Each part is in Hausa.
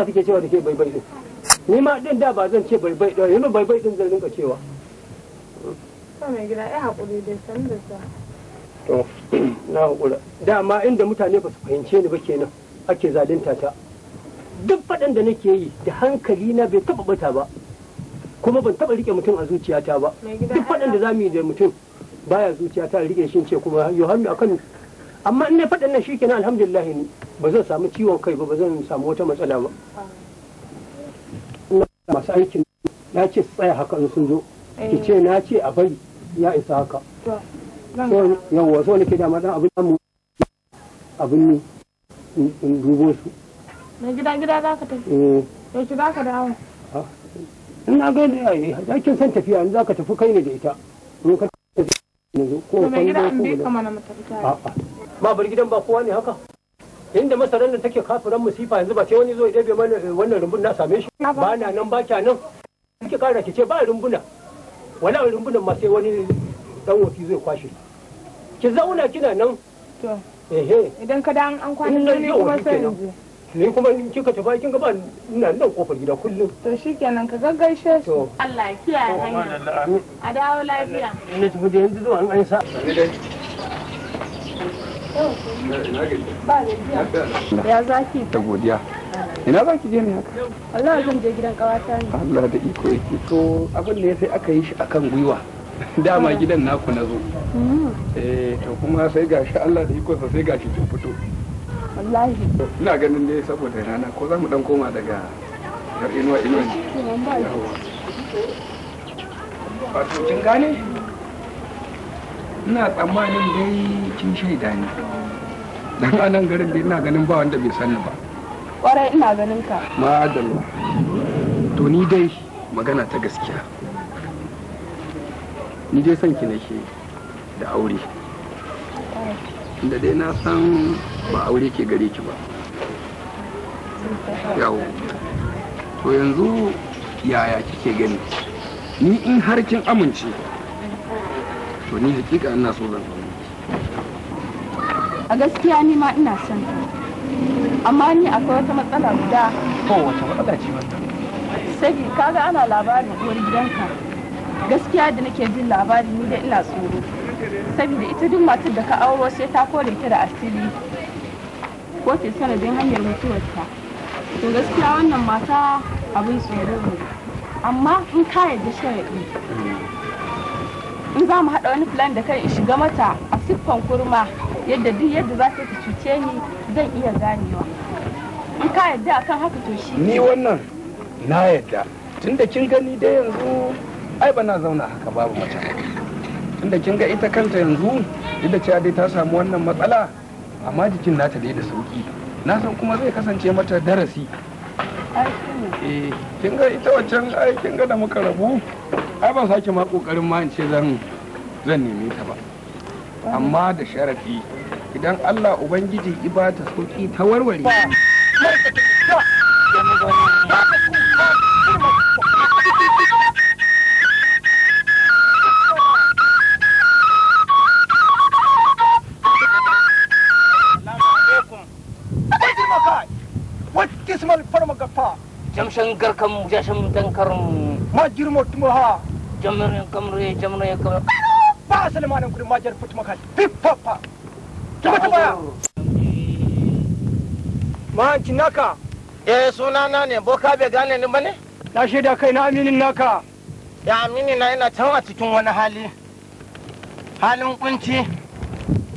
yasa kake cewa da ke baibai din ni ma din da ba zan ce bai bai din yanzu bai din zan rinka cewa mai gida ya hakuri da san da sa to na hakura dama inda mutane ba su fahimce ni ba kenan ake zalunta ta duk faɗin da nake yi da hankali na bai taɓa bata ba kuma ban taɓa rike mutum a zuciyata ba duk faɗin da za mu yi da mutum baya zuciyata rike shi ce kuma yohannu akan amma in na faɗin nan shikenan alhamdulillah ne ba zan samu ciwon kai ba ba zan samu wata matsala ba masu aikin na ce tsaya haka in sun zo ki ce na ce a bari ya isa haka yawwa so ke da mazan abin mu abin ne in dubo su na gida gida za ka tafi eh. yaushe za ka dawo ina ga yakin san tafiya in za ka tafi kai ne da ita in ka tafi ne ko kai ne ko ne a'a ma bar gidan ba kowa ne haka inda masarar da take kafiran musifa yanzu ba sai wani zo ya ɗebe mana wannan rumbun na same shi ba na nan ba kya nan kike kara ki ce ba rumbuna wala rumbunan ma sai wani dan wofi zai kwashe ki zauna kina nan ehe idan ka da an kwana ne kuma sai ni kuma in kika tafi kin ga ba ina nan kofar gida kullum to shikenan ka gaggaishe su Allah ya kiyaye hanya a dawo lafiya ina tafi da yanzu zuwa an sa ya zaki ta godiya ina je ne haka Allah zan je gidan kawata ne Allah da iko yake to abin ya sai aka yi shi akan gwiwa dama ah. gidan naku na zo hmm. eh to kuma sai gashi Allah da iko sai gashi tun fito wallahi ina ganin dai saboda rana ko za mu dan koma daga har inuwa inuwa kin gane ina tsammanin dai kin shaida ne dan anan garin dai ina ganin ba wanda bai sani ba kwarai ina ganin ka madalla to ni dai magana ta gaskiya ni dai son ki nake da aure da dai na san ba aure ke gare ki ba yawo to yanzu yaya kike gani ni in har kin amince to ni hakika ina so zan aure a gaskiya ni ma ina son ka amma ni akwai wata matsala guda to wata matsala ce wannan sai kaga ana labarin uwar gidanka gaskiya da nake jin labarin ni da ina tsoro saboda ita duk matar da ka auro sai ta kore ta da asiri ko ce sanadin hanyar mutuwarta to gaskiya wannan mata abin tsoro ne amma in ka yarda sharaɗi mm. in za mu haɗa wani plan da kai in shiga mata a siffan kurma yadda duk yadda za ta cuce ni zan iya ganewa in ka yadda akan haka to shi ni wannan na yadda tunda kin gani dai yanzu ai ba na zauna haka babu mace tunda kin ga ita kanta yanzu duk da cewa dai ta samu wannan matsala amma jikin nata dai da sauki na san kuma zai kasance mata darasi eh kin ga ita waccan ai kin ga da muka rabu ai ban sake ma kokarin ma in ce zan zan neme ta ba amma da sharafi idan Allah ubangiji iba ta sauki ta warware Jamshin garkan jashin dankarin ma girma tuma ha jamre kamre jamre kamre ba salma nan kudin majar fit maka fit papa ki mata baya mahanci naka eh suna ne boka bai gane ni ne? na shaida kai na aminin naka ya na yana can cikin wani hali halin kunci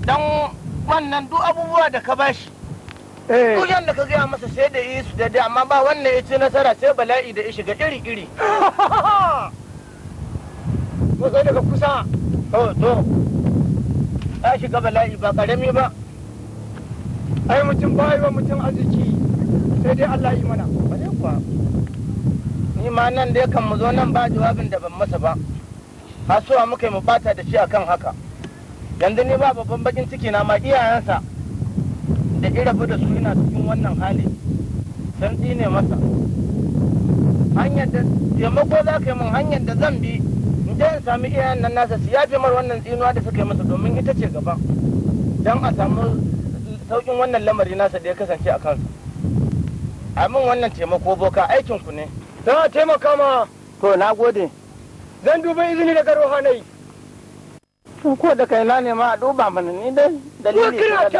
dan wannan duk abubuwa da ka bashi eh. duk yadda ka gaya masa sai da isu su da amma ba wannan ya ce nasara sai bala'i da ya shiga iri-iri kusa daga kusa to to ya shiga bala'i ba karami ba ai mutum ba yi mutum arziki sai dai Allah yi mana ba dai kuwa ni ma nan dai kan mu zo nan ba jawabin da ban masa ba hasuwa muka yi mu bata da shi akan haka yanzu ni ba babban bakin ciki na ma iyayensa da irabu da su yana cikin wannan hali sun ne masa hanyar da taimako za ka yi min hanyar da zan bi je a sami iyayen nan nasa su yafe mar wannan tsinuwa da suka yi masa domin ita ce gaba. don a samu saukin wannan lamari nasa da ya kasance a kansa amin wannan taimako boka aikin ku ne don a taimaka ma to na gode zan duba izini daga ruhanai ko da kaina ne ma a duba mana ni dai dalili ne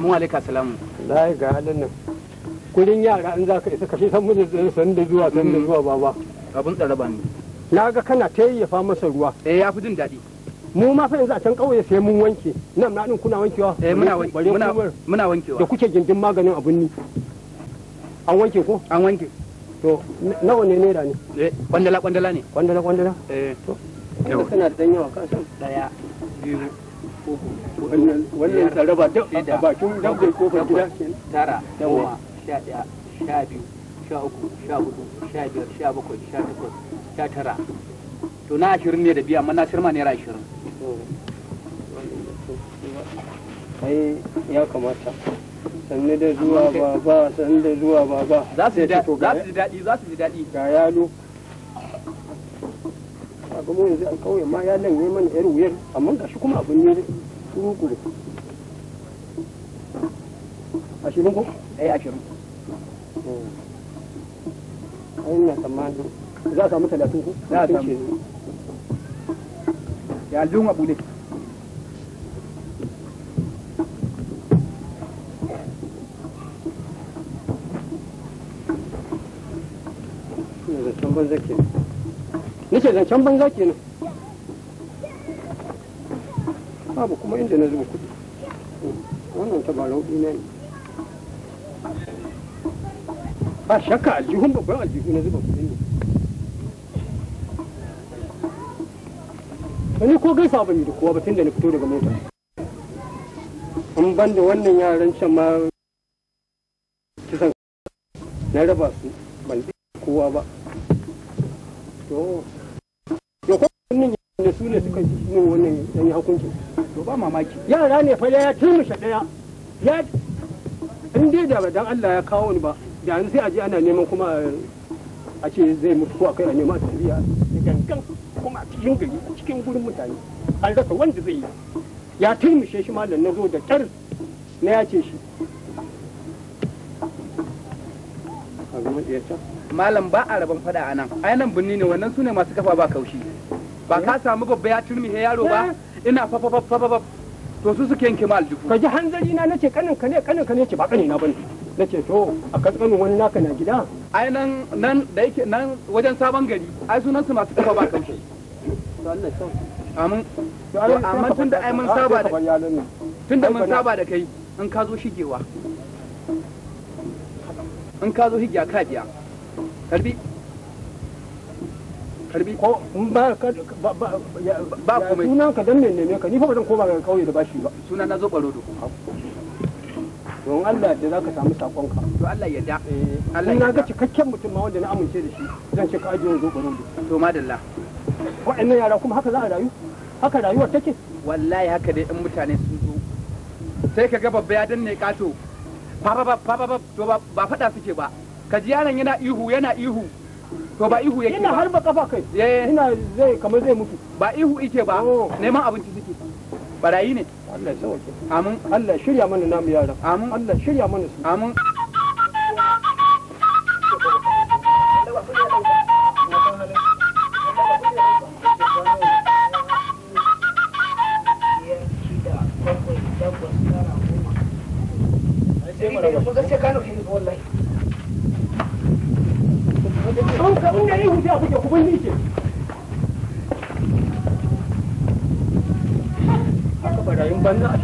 mu alaika salamu lai ga halin nan kudin yara an za ka isa kafi san mun san da zuwa san da mm. zuwa baba abun tsaraba ne na ga kana ta yi tayyafa masa ruwa eh ya fi jin daɗi mu ma fa yanzu a can kauye sai mun wanke nan na ɗin kuna wankewa eh muna wankewa muna wankewa da kuke gindin maganin abun ni an wanke ko an wanke to nawa ne naira ne eh kwandala kwandala ne kwandala kwandala eh to kana da dan yawa ka daya biyu wannan tsaraba duk a bakin dabbai kofar gida tara goma sha ɗaya sha biyu sha uku sha hudu sha biyar sha bakwai sha takwas sha tara to na ashirin ne da biya amma na shirma naira ashirin ai ya kamata sannu da zuwa ba sannu da zuwa ba za eh? su ji daɗi za su ji daɗi ga yalo a gamo yanzu a kauye ma ya lanye mana yar wuyar amma gashi kuma abin ne shuru kure ashirin ko eh ashirin oh. ai ina tsammanin za a samu talatin ko za a samu ya lunga bude zaton ban zake nake can banza kenan babu kuma inda na zuba kuɗi wannan tabarau ɗina ne ba shakka aljihun babban aljihu na zuba kuɗi ne wani ko gaisa ba yi da kowa ba tun da na fito daga mota an ban da wannan yaran can ma kisan na raba su ban kowa ba to wannan ne su ne suka yi wannan yanyi hukunci to ba mamaki yara ne fa ya turmushe daya ya in dai da dan Allah ya kawo ni ba da yanzu sai a je ana neman kuma a ce zai mutu ko akai a nema tafiya da gangan kuma a cikin gari cikin gurin mutane an rasa wanda zai yi ya turmushe shi ma na zo da kyar na yace shi malam ba a rabon fada a nan ainihin birni ne wannan su ne masu kafa ba kaushi ba ka samu babba ya turmi he yaro ba eh. ina fa fa fa fa to su suke yanke mal aljihu ka ji hanzari na nace kanin ka ne kanin ka ne ce ba kanin na bane nace to a kaskanin wani naka na gida ai nan nan da yake nan wajen sabon gari ai sunan su masu kafa ba kaushe amin amma tunda ai mun saba da tunda mun saba da kai in ka zo shigewa in ka zo hijiya ka biya karbi karbi ko ba ka ba komai sunan ka dan ne neme ka ni fa bazan koma daga kauye da bashi ba suna na zo baro da kuma don Allah da zaka samu sakon ka to Allah ya da eh, Allah ya ga cikakken mutum ma wanda na amince da shi zan ce ka ajiye zo baro da to madalla wa'annan yara kuma haka za a rayu haka rayuwar take wallahi haka dai in mutane sun zo sai ka ga babba ya danne kato fa fa fa fa to ba fada suke ba ka ji yaron yana ihu yana ihu to ba ihu yake ina har ba kafa kai ina zai kamar zai mutu ba ihu yake ba oh. neman abinci suke barayi ne Allah ya sauke amin Allah shirya mana namu yara amin Allah shirya mana su amin yayin banza a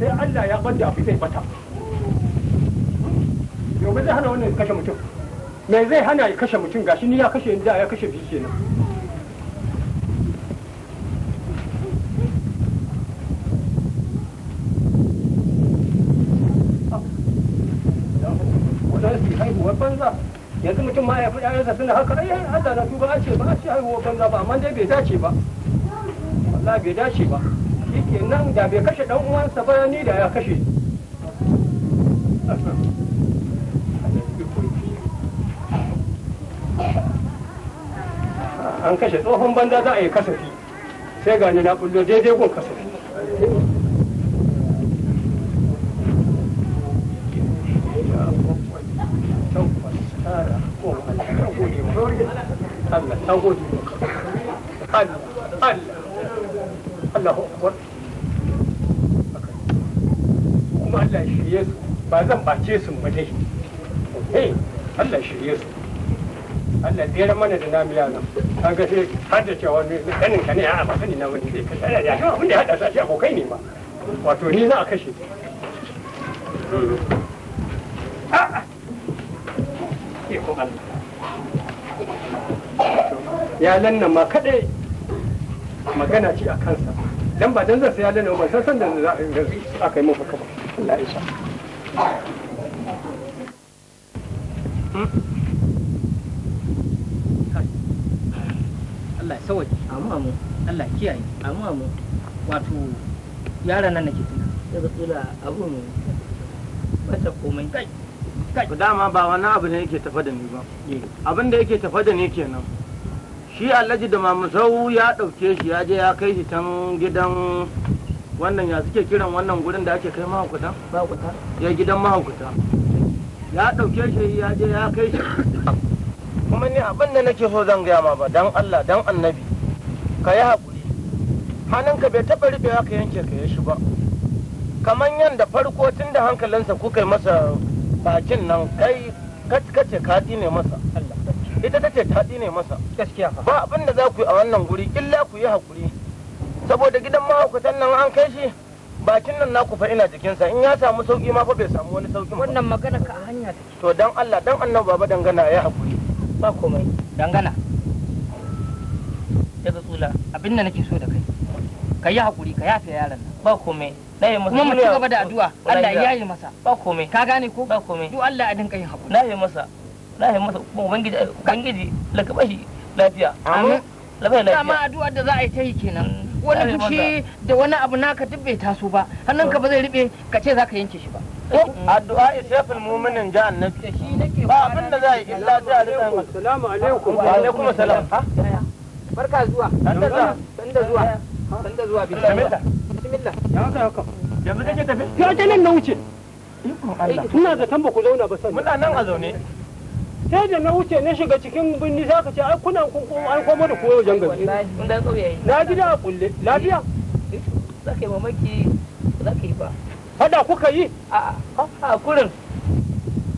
sai Allah ya bada abu zai bata yau zai hana wannan kashe mutum me zai hana ya kashe mutum gashi ni ya kashe inda ya kashe biyu kenan haifi ƴaƴansa tunda haka ai Allah na tuba a ba ce haihuwa banza ba amma dai bai dace ba wallahi bai dace ba da bai kashe dan uwansa ba ni da ya kashe an kashe tsohon banza za a yi kasafi sai gani na kullo daidai gun kasafi na gode Allah Allah Allahu akbar kuma Allah shirye su ba zan bace su ba dai eh Allah shirye su Allah tsere mana da namu yaran an ga sai har da cewa ne kanin ka a ba sani na wani zai kashe da ya shi abin da ya hada sa shi abokai ne ma wato ni za a kashe hmm. ya lanna ma kaɗai. magana ce a kansa dan ba dan zan ya lanna ba san san da za a yi mun haka ba Allah ya sa Allah sawai amu amu Allah kiyaye amu amu wato yaran nan nake tuna daga tsula abun bata komai kai dama ba wani abu ne yake tafa da ni ba eh. abin da yake tafa da ni kenan shi alhaji da mamusau ya ɗauke shi ya je ya kai shi can gidan wannan ya suke kiran wannan gurin da ake kai mahaukuta ya gidan mahaukuta ya ɗauke shi ya je ya kai shi kuma ni abin da nake so zan gaya ma ba dan Allah dan annabi ka yi haƙuri hannunka bai taɓa rufewa ka yanke ka yi shi ba kamar yadda farko tun da hankalinsa kuka yi masa bakin nan kai kace kati ne masa ita ta ce ta ne masa gaskiya ba abin da za ku yi a wannan guri illa ku yi hakuri saboda gidan mahaukatan nan an kai shi bakin nan naku fa ina jikinsa in ya samu sauki ma fa bai samu wani sauki ba wannan magana ka a hanya take to dan Allah dan annabi baba dangana ya hakuri ba komai dangana daga tsula abin da nake so da kai ka yi hakuri ka yafe yaron nan ba komai ɗaya masa kuma mu ci gaba da addu'a Allah ya yi masa ba komai ka gane ko ba komai duk Allah ya dinka yin hakuri na yi masa lahi masa kuma ubangiji ubangiji laka lafiya amin labai lafiya dama da za a yi ta yi kenan mm. wani fushi da wani abu naka duk bai taso ba hannunka ba zai rube ka ce zaka yanke shi ba eh, mm. addu'a isafin muminin ja annabi ba abin da za a yi illa ta alaikum assalamu alaikum wa alaikum assalam barka zuwa sanda zuwa sanda zuwa zuwa bismillah ya haka yanzu kake tafi ta nan na wuce ina zaton ba ku zauna ba sannan a zaune sai da na wuce na shiga cikin birni za ka ce ai kuna an komo da koyo jan gari na ji da kulle lafiya za ka yi mamaki za ka yi ba hada kuka yi a a kurin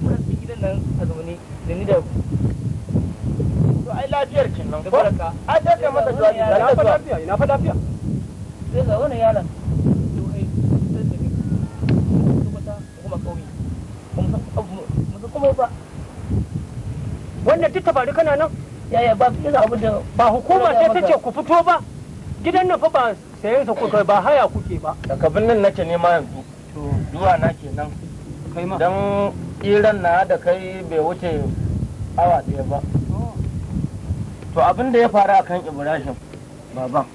muna su gidan nan a zaune da ni da ku to ai lafiyar kin nan ko a ta kai mata jawabi na fa lafiya ina fa lafiya sai ga wannan yaron kuma ba wannan duk tabaru kana nan yaya ba ya abu da ba hukuma sai ta ce ku fito ba gidan nan fa ba sayan sa kuka ba haya kuke ba daga birnin nake nema yanzu zuwa na kenan kai ma dan iran na da kai bai wuce awa ɗaya ba to abin da ya faru a kan ibrahim baban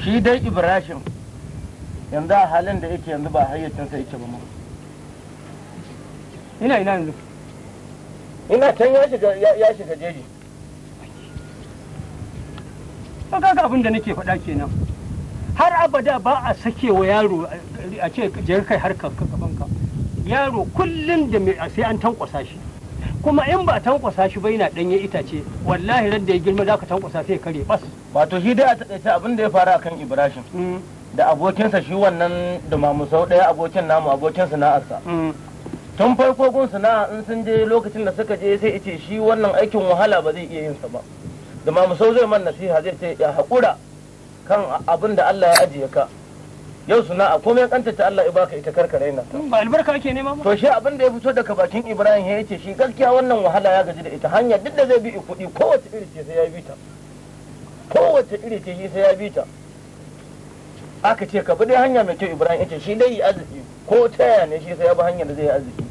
shi dai ibrahim yanzu a halin da yake yanzu ba hayyacinsa yake ba ma ina ina yanzu ina can ya shiga ya shiga jeji kaga abin da nake faɗa kenan har abada ba a sake wa yaro a ce je kai har ka gaban ka yaro kullum da sai an tankwasa shi kuma in ba tankwasa shi ba yana danye itace wallahi ran da ya girma zaka tankwasa sai kare bas wato shi dai a takaice abin da ya faru akan Ibrahim mm. da abokinsa shi wannan da mamusau daya abokin namu abokin sana'arsa mm. tun farko gun sana'a in sun je lokacin da suka je sai ce shi wannan aikin wahala ba zai iya yin sa ba da ma musau zai man nasiha zai ce ya haƙura kan abin da Allah ya ajiye ka yau sana'a komai kanta ta Allah ya baka ita karkare ta ba albarka ake nema ba to shi abin da ya fito daga bakin Ibrahim ya ce shi gaskiya wannan wahala ya gaji da ita hanya duk da zai bi kuɗi kowace iri ce sai ya bi ta kowace iri ce shi sai ya bi ta aka ce ka bi dai hanya mai kyau Ibrahim ya ce shi dai yi arziki ko ta yaya ne shi sai ya hanyar da zai arziki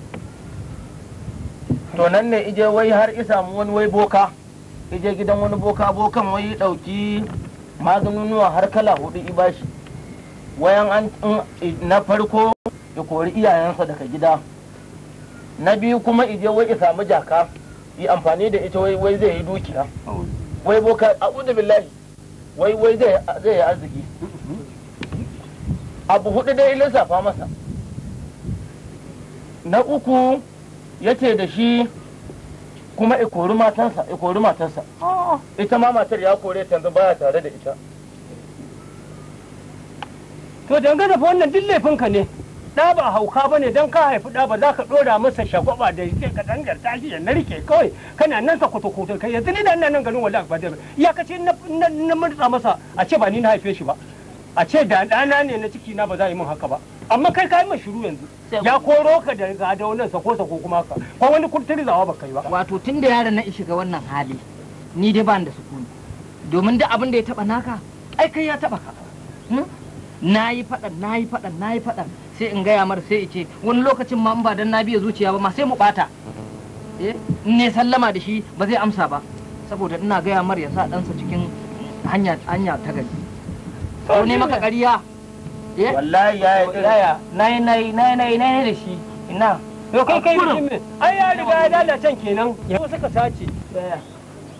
to nan ne ije wai har isa mu wani wai boka ije gidan wani boka bokan wai dauki maganunuwa har kala hudu bashi wayan an na farko ya kori iyayensa daga gida na biyu kuma ije wai isa samu jaka yi amfani da ita wai zai yi dukiya wai boka a'udhu billahi wai wai zai yi arziki abu hudu dai lissafa masa na uku yace da shi kuma ikori matansa ikori matansa oh. ita ma matar ya kore ta yanzu baya tare da ita to dangane fa wannan duk laifinka ne da ba hauka ba ne don ka haifi da ba za ka dora masa shagwaba da yake ka dangar yarda shi ya narke kawai kana nan ka kuto kuto kai yanzu ni da ina nan garin wallahi ba da ya kace na na masa a ce ba ni na haife shi ba a ce da dana ne na ciki na ba za yi min haka ba amma kai ka yi mai shiru yanzu ya koro ka da ga da wannan sako sako kuma ka ko wani kurturi zawa ba kai ba wato tun da yaron na shiga wannan hali ni dai ba ni da sukuni domin da abin da ya taba naka ai kai ya taba ka na yi fadan na yi faɗan na yi sai in gaya mar sai ce wani lokacin ma in ba dan na biya zuciya ba ma sai mu bata eh ne sallama da shi ba zai amsa ba saboda ina gaya mar ya sa ɗansa cikin hanya hanya ta gari ko ne maka ƙarya wallahi ya yi tsaya yi nai da shi ina yau kai kai min ai ya riga ya kenan ya suka sace tsaya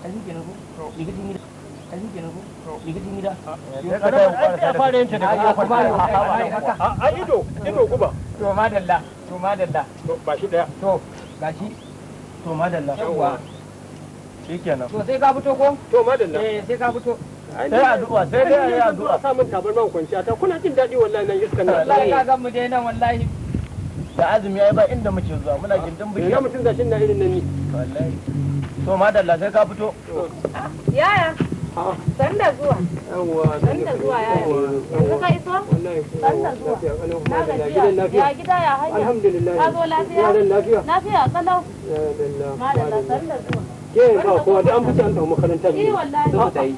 a zuke na ko ya gidi mira a zuke na ko yi. gidi mira ya fara yin a da ya kuma a ido ido guba to madalla to madalla to ba shi daya to ga shi to madalla yawa to sai ka fito ko to madalla sai ka fito sai addu'a sai dai ayi addu'a sa min tabarman kwanciya ta kuna jin daɗi wallahi nan iskan nan wallahi ka ga mu dai nan wallahi da azumi ai ba inda muke zuwa muna gindin biki ina mutun zashin na irin nan ni wallahi to madalla sai ka fito yaya sanda zuwa zuwa yaya yanzu ka iso sanda zuwa na gajiya ya gida ya hanya alhamdulillah ka zo lafiya lafiya kalau madalla sanda zuwa ke ba da an an eh, wallahi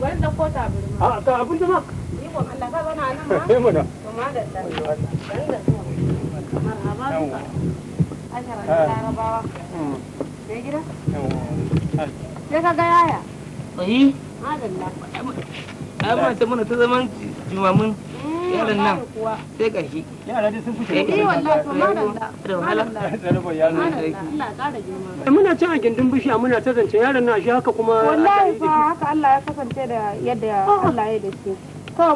bari da kota a ka abin da ma ni ko Allah ka bana nan ma eh, mana to ma da ta marhaba ka ah. larabawa mm. gida sai ka ga yaya mana ta zaman jimamin yaran nan sai ƙashi yara muna can a gindin bishiya muna ta zance yaran nan shi haka kuma wallahi fa haka Allah ya kasance da yadda ah. Allah ya da shi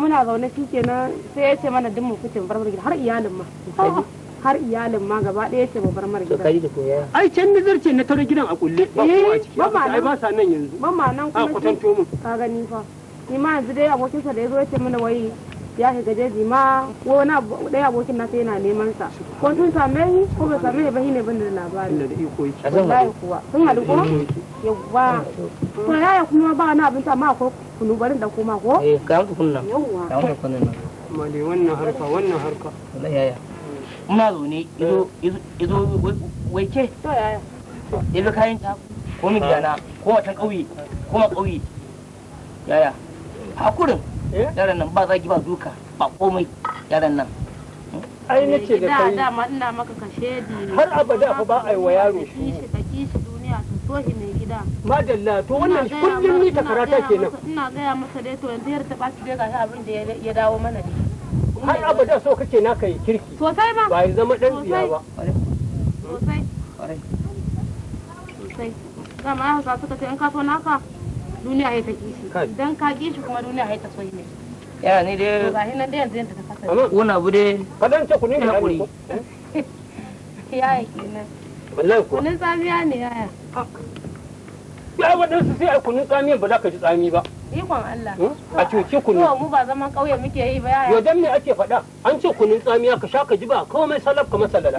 muna zaune shi kenan sai ya ce mana dimmu kucin barbar gida har iyalin ma ah. har iyalin ma gaba ɗaya ce babbar mara gida. Ai can ni zarce na tare gidan a kulle ba eh, ko a ciki ai ba sa nan yanzu. Ba ma nan kuma a kwatanto mu. Ka gani fa. Ni ma yanzu dai abokinsa da ya zo ya ce mana wai ya shiga jeji ma ko na ɗaya abokin na sai yana neman sa ko tun same shi ko ba same shi ba shine ban da labari inda da iko yake wallahi kuwa sun haɗu ko yawa ah, to yaya kuma ba wani abinci ma ko kunu barin da kuma ko eh ga ku kunna yawa ga ku kunna amma dai wannan harka wannan harka wallahi yaya ina zaune izo eh. izo wai ke to yaya izo kayan ta ko mi gidana ko watan ƙauye ko ma ƙauye yaya hakurin Eh? yaran nan ba zagi ba duka ba komai yaran nan ai nace da eh, kai da ma ina maka kashe di har abada fa ba ai wa yaro shi shi duniya to so shi mai gida madalla to wannan kullum ni ta karata kenan ina ga ya masa dai to yanzu yar ta ba dai ga shi abin da ya dawo mana ne har abada so kake naka yi kirki sosai ba ba zama dan biya ba sosai sosai dama haka suka ce in ka so naka duniya ya ta kishi idan ka kishi kuma duniya ya ta soyi ne ya ni dai ga hinan dai yanzu yanda ta amma wani abu dai ce ya yi kenan wallahi ko kunin tsamiya ne yaya ya waɗansu sai a kunin tsamiyan ba za ka ji tsami ba ikon Allah hmm? a cuci kunu mu ba zaman kauye muke yi ba yaya yodan me ake faɗa an ce kunun tsamiya ka sha ka ji ba mai salaf ka masalala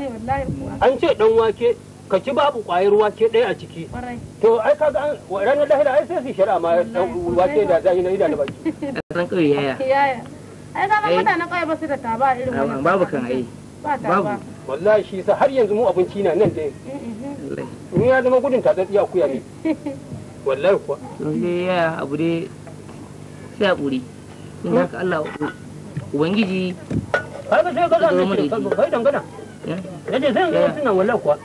an ce dan wake ka ci babu ƙwayar wake ɗaya a ciki to ai ka ga ranar lahira ai sai su shari'a ma wake da zai na idanu baki ran kauye yaya ai ka ga eh. mutanen ba su da taba irin wannan babu kan ai babu wallahi shi sa har yanzu mu abinci na nan dai mm, mm, mm. Ni ya zama gudun tatsatsiya kuya ne wallahi kuwa to ya abu dai sai hakuri in haka Allah ubangiji haka sai ka zama shi kai dangana da sai ga sunan wallahi kuwa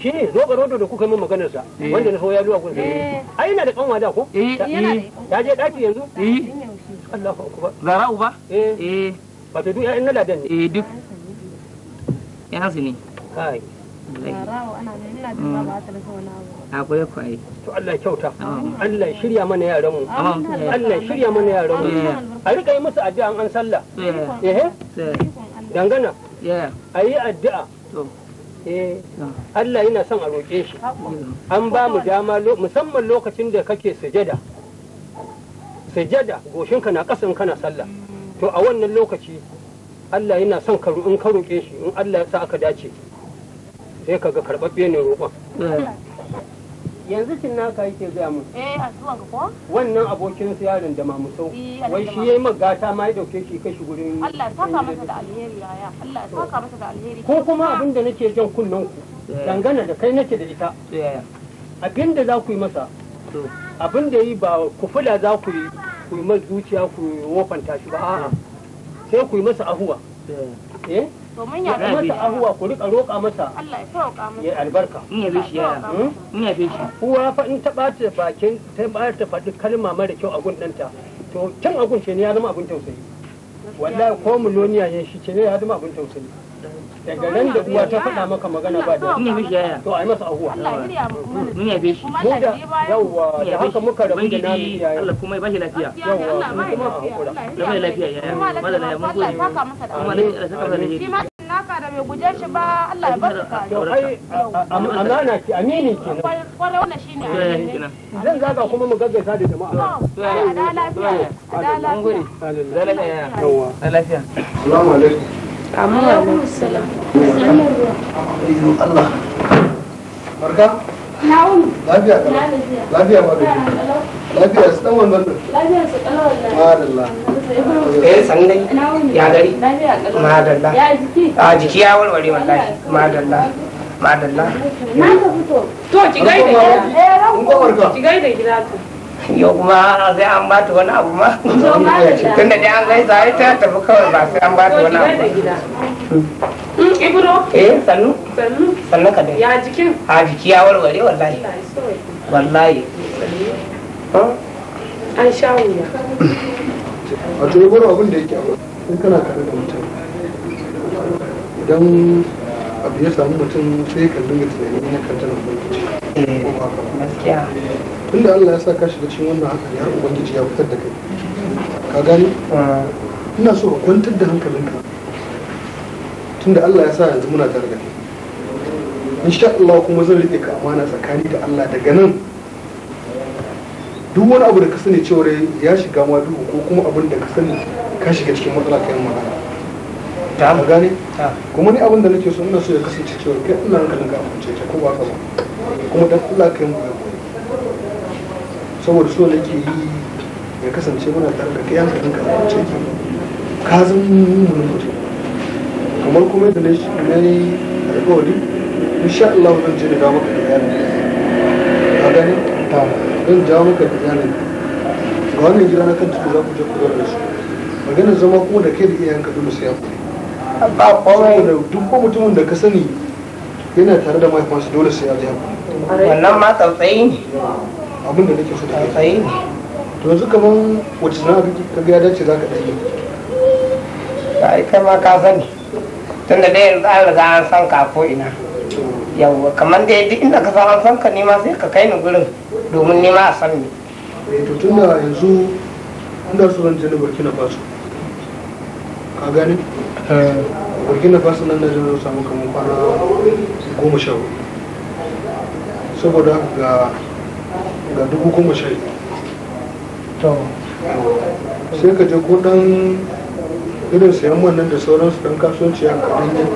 shi ne zo garodo da kuka min maganar sa eh. wanda na so ya zuwa gunsa eh. ai na da kanwa da ko eh, ta je daki yanzu Allahu akbar zara uba eh wato duk ƴaƴan ladan ne eh duk ƴaƴan su ne kai mm. akwai kwai to Allah kyauta Allah shirya mana yaran mu Allah shirya mana yaran mu a rika yi musu addu'a an sallah eh dangana a yi addu'a Eh, ah. Allah yana son a roƙe shi an ba mu dama musamman lokacin da kake sujada sujada goshinka na ƙasan kana sallah to a wannan lokaci Allah yana son ka in ka roƙe shi in Allah ya sa aka dace sai kaga ga karɓaɓɓe ne roƙon eh. yanzu cin naka yake gaya mu eh zuwa ga ko wannan abokin su yaron da mamu sau eh, wai shi yayi min gata ma ya dauke shi kashi gurin Allah saka masa da alheri ya Allah saka masa da alheri ko kuma abin da nake jan kunnen ku eh. dangana da kai nake da ita eh. abinda za ku yi masa abin da yi ba ku fula za ku yi ku yi masa zuciya ku wofanta shi ba a'a sai ku yi masa ahuwa eh domin ya mata ahuwa ku rika roƙa masa Allah ya sauka ya albarka in ya bishi yara hmm? in ya bishi uwa fa in ta bata bakin ta bata faɗi kalma mara kyau a gundanta to kin a gunshe ne ya zama abun tausayi wallahi ko miloniya ne shi ne ya zama abun tausayi daga nan da uwa ta faɗa maka magana ba da ne bishi yaya to ai masa ahuwa mun ya bishi mu da da haka muka rabu da yaya Allah kuma ya bashi lafiya yawa kuma hakura da bai lafiya yaya ya mun gode ya saka da bai guje shi ba Allah ya bar ka amana ki amini ki kwarai wannan shine eh, amini zan zaga kuma mu gaggaisa da jama'a da lafiya da lafiya da lafiya da lafiya assalamu alaikum amma wa alaikum salam Allah barka na'um lafiya lafiya lafiya lafiya su dan wannan lafiya su dan wannan eh sannan ya gari madalla a jiki ya warware wallahi madalla madalla to ki gai da gida eh, ki gai da gida yau kuma sai an ba ta wani abu ma tunda dai an gaisa ya ta tafi kawai ba sai an ba ta wani abu hmm. Hmm, ibro eh sannu sannu sannu ka dai ya jikin a jiki ya warware wallahi wallahi hmm? an sha wuya a to ya baro abin da yake abu in kana kare da mutum idan abu ya samu mutum sai ka dinga tunani na kantar ubangiji ko tunda Allah ya sa ka shiga cikin wannan haka ya ubangiji ya fitar da kai ka gani hmm. ina so ka kwantar da hankalinka tunda Allah ya sa yanzu muna tare da kai insha Allah kuma zan rike ka amana tsakani da Allah daga nan duk wani abu da ka sani cewar ya shiga ma duhu ko kuma abin da ka sani ka shiga cikin matsala kayan magana ta mu gane kuma ni abin da nake so ina so ya kasance cewar kai ina ranka ka amince ta ko ba ka ba kuma dan Allah ka mu saboda so nake yi ya kasance muna tare da kai hankalin ka amince ki ka zan mu mutu kamar kuma yadda na yi alƙawari insha Allah zan je da maka da bayani a gane ta zan jawo maka da iyalin ga wannan gida na kan tuku za ku je ku zauna su maganar zama kuma da kai da iyayenka dole sai ya kuri ba kawai da duk ko mutumin da ka sani yana tare da mahaifansa dole sai ya je wannan ma tsautsayi ne abin da nake so da tsautsayi ne to yanzu kamar wacce sana'a ka ga ya dace za ka ɗaya ba kai ma ka sani tun da dai an riga an san ka ko ina yawwa kamar dai duk inda ka san an san ka nema sai ka kai ni gurin domin nema a san me eh, to tun da yanzu inda su zan je na burkina faso ka gani eh. burkina faso nan da zan samu kamar kwana goma sha saboda ga ga dubu goma sha to sai ka je ko dan irin sayan wannan da sauransu don kasuwanci a kaɗan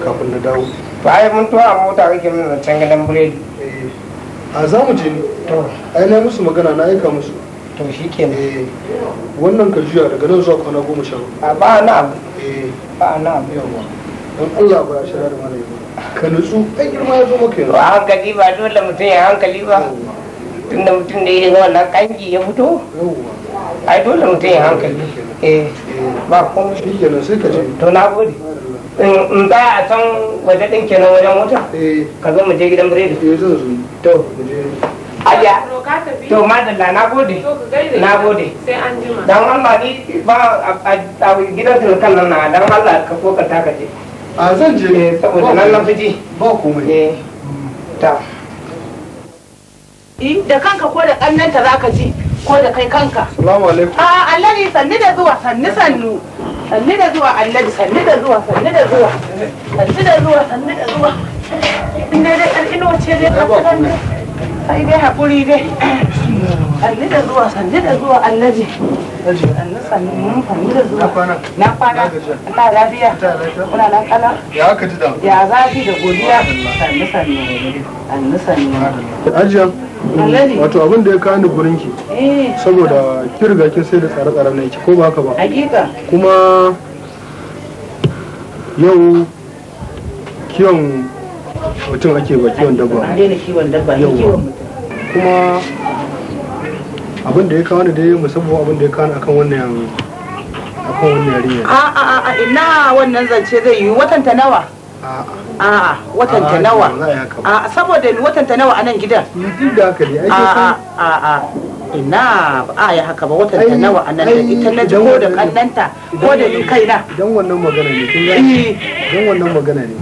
kafin na dawo. Bayan mun tuwa a mota kake mun zancen gidan biredi. a za mu je ai na musu magana na aika musu to shi ke eh, wannan ka juya daga nan zuwa kwana goma sha a ba na abu eh. ba na abu yawa don allah ba ya shara da mana ka nutsu ai girma ya zo maka yanzu a hankali ba dole mutum ya hankali ba da mutum da irin wannan kangi ya fito ai dole mutum ya hankali eh, ba komai shi nan sai ka je to na gode in ba a can waje din kenan wajen mota eh. ka zo mu je gidan biredi eh, to Aja. To madalla na gode. Na gode. Dan Allah ni ba a gidan turkan nan na dan Allah ka ko ka taka je. A zan je. Eh, saboda nan na fiji. Ba komai. Eh. Ta. da kanka ko da kannanta zaka ji ko da kai kanka. Assalamu alaikum. a Allah ne sanni da zuwa sanni sannu. sanni da zuwa annabi sanni da zuwa sanni da zuwa da zuwa da zuwa in dai dai inuwa ce dai ai dai haƙuri dai alli da zuwa sanji da zuwa na kwana ina lafiya kuna nan kala ya aka ji da ya zafi da godiya sanni sanni sanni sanni ajiya wato abin da ya kani ni gurin ki eh. saboda ki riga ki sai da tsare na ki ko ba haka ba hakika kuma yau kiwon mutum ake ba kiwon dabba kiwon dabba kiwon mutum kuma abin da ya kawo ni dai musamman abin da ya kawo akan wannan akan wannan yarinya a a a ina wannan zance zai yi watan ta nawa a watan ta nawa a saboda watan ta nawa a nan gidan duk da haka ne a a a ina ba a ya haka ba watan ta nawa a nan da ita na ko da kannanta ko da ni kaina dan wannan magana ne kin gani eh. dan wannan magana ne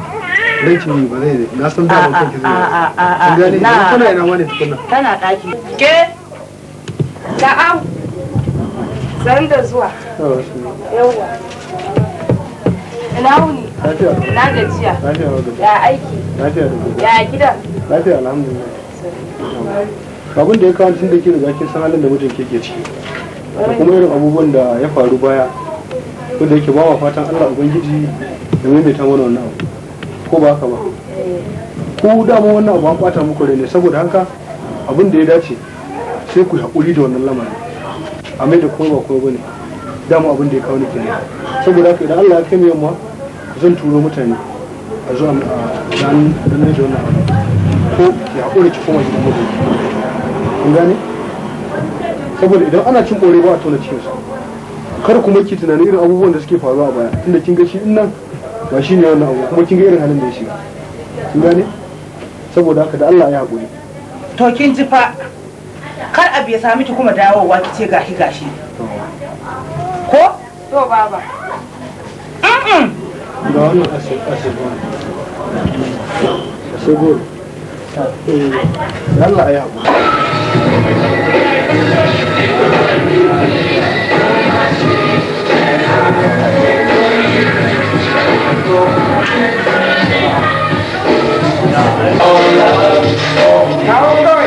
ranki ne ba zai na san da mutum ki zai a a a ina tana ɗaki. ke Na'am. Zan da zuwa. Yawwa. Ina wuni? Ina gajiya. Ya aiki. Ya gida. Lafiya alhamdulillah. Abin da ya kawo tun da ke da zakin san halin da mutum ke ke ciki. Da kuma irin abubuwan da ya faru baya. Wanda yake bawa fatan Allah Ubangiji da maimaita mana wannan abu. Ko ba haka ba? Eh. Ku dama wannan abu an bata muku rai ne saboda haka abin da ya dace sai ku haƙuri da wannan lamarin a mai da kuma ba kuma bane dama abin da ya kawo ni ne saboda haka idan Allah ya kai mu yamma zan turo mutane a zuwa a dan dan ne wannan ko ki haƙuri ki kuma gidan mutane kun gane saboda idan ana cin ƙore ba a tona cikin sa kar kuma ki tunanin irin abubuwan da suke faruwa a baya tunda kin ga shi in nan ba shi ne wannan abu kuma kin ga irin halin da ya shiga kun gane saboda haka da Allah ya haƙuri to kin ji fa kar abu ya sami ki kuma dawowa ki ce gashi gashi ko to baba mm wannan eh, ya Oh, Now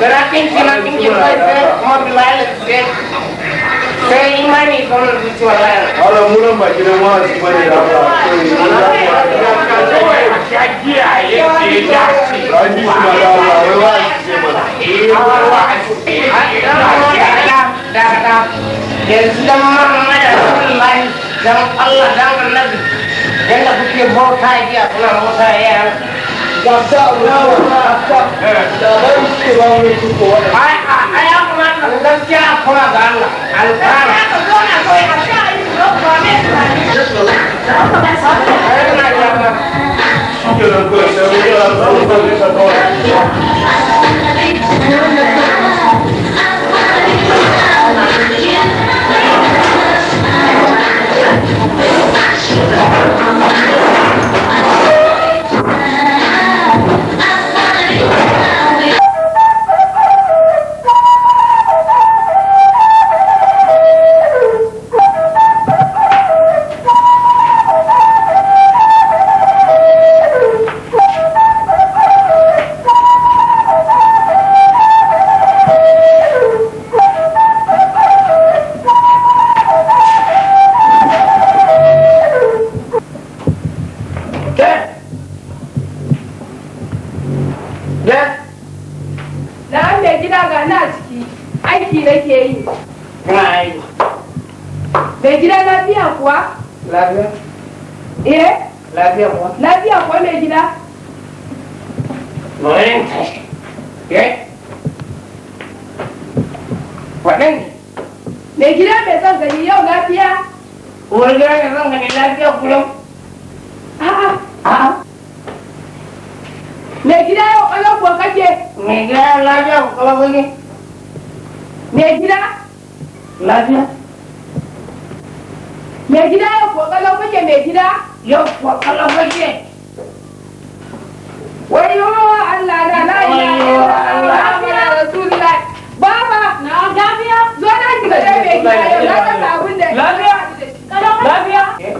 Serafin Serafin kita itu mobil lain deh. kalau lucu Kalau murah mbak Jadi, mau imani apa? Kaji Allah dan Nabi. Dan tak boleh bautai dia, bukan Gapsa una wata hafsa da bai shi ba wani tuko wani. Ai ai ya kuma ka gaskiya kuma ga Allah. Alfara. Ka zo na so ya sha yi zo ba anh ta ni. Shi ne là sai mu ga zan ba ne ta kawai. Thank you.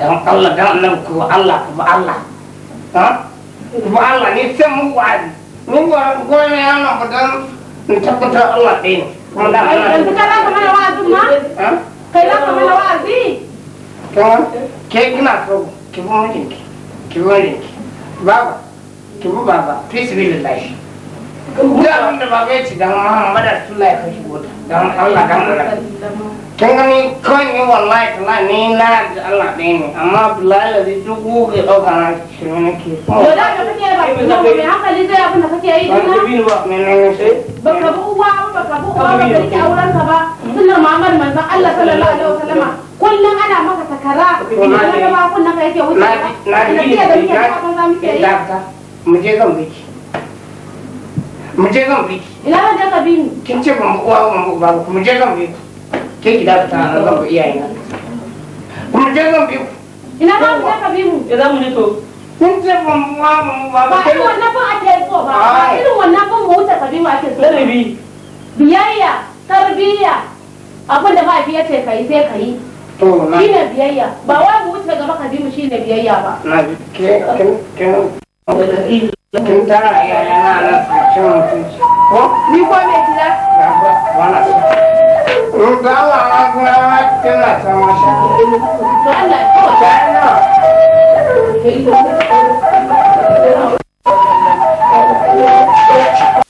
dama Allah dan Allah ku Allah Allah ha Allah ni sai mu wa'adi ni gora gora ya na fadan in tabbata Allah din kuma da Allah yanzu kana kamar wa'azi ma kai ke kina so ki bu mijin baba ki bu baba please be lillahi da wanda baba ya ci dan Muhammad Rasulullahi kashi gota dan Allah dan dangane kan yi wallahi tana ne na da Allah ɗaya ne amma bulala zai duk ke ɗauka na shirme na ke kuma. da ka kake ba kuma mai hankali zai abin da kake yi kuma. Ba ka ba mai nan sai. Ba ka ba ka ba ka ka ba Muhammad Allah sallallahu alaihi wasallama kullum ana maka takara ba na ka wuce. Na da yi. Mu je zan biki. Mu je zan biki. Ila ka bi ni. Kin ce ba mu je zan biki. ke ki dakata a nan zan ku iya yin kuma je zan biyu ina ba mu zaka bi ya zamu ne to kun ce ba mu ba mu ba ba irin wannan fa ake so ba ba irin wannan fa mu wuce sabi ma ake so ladabi biyayya tarbiyya abin da ba ya ce kai sai kai shi ne biyayya ba wai mu wuce gaba ka bi shi ne biyayya ba na ke kin kin tara yaya na ala na cin mutunci ko ni ko me kila. 完 了，我讲了，讲了，讲了，怎么讲？完了，都这样了，谁都不管。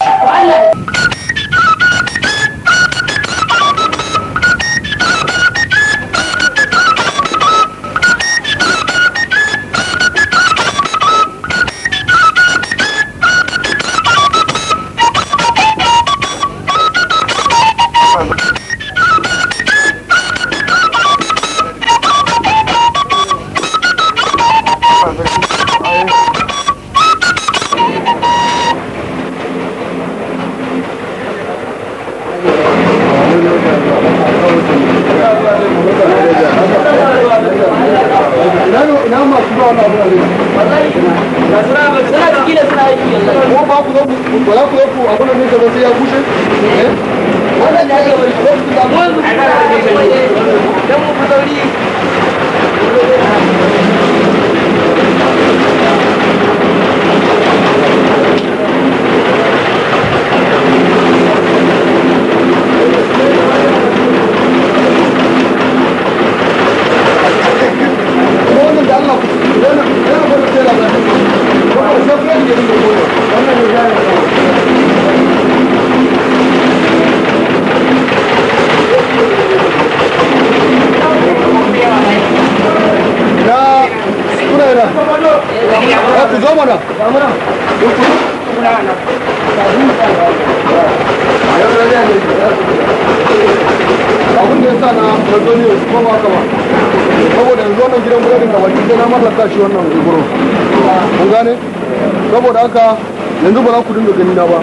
haka yanzu ba za ku dinga ganina ba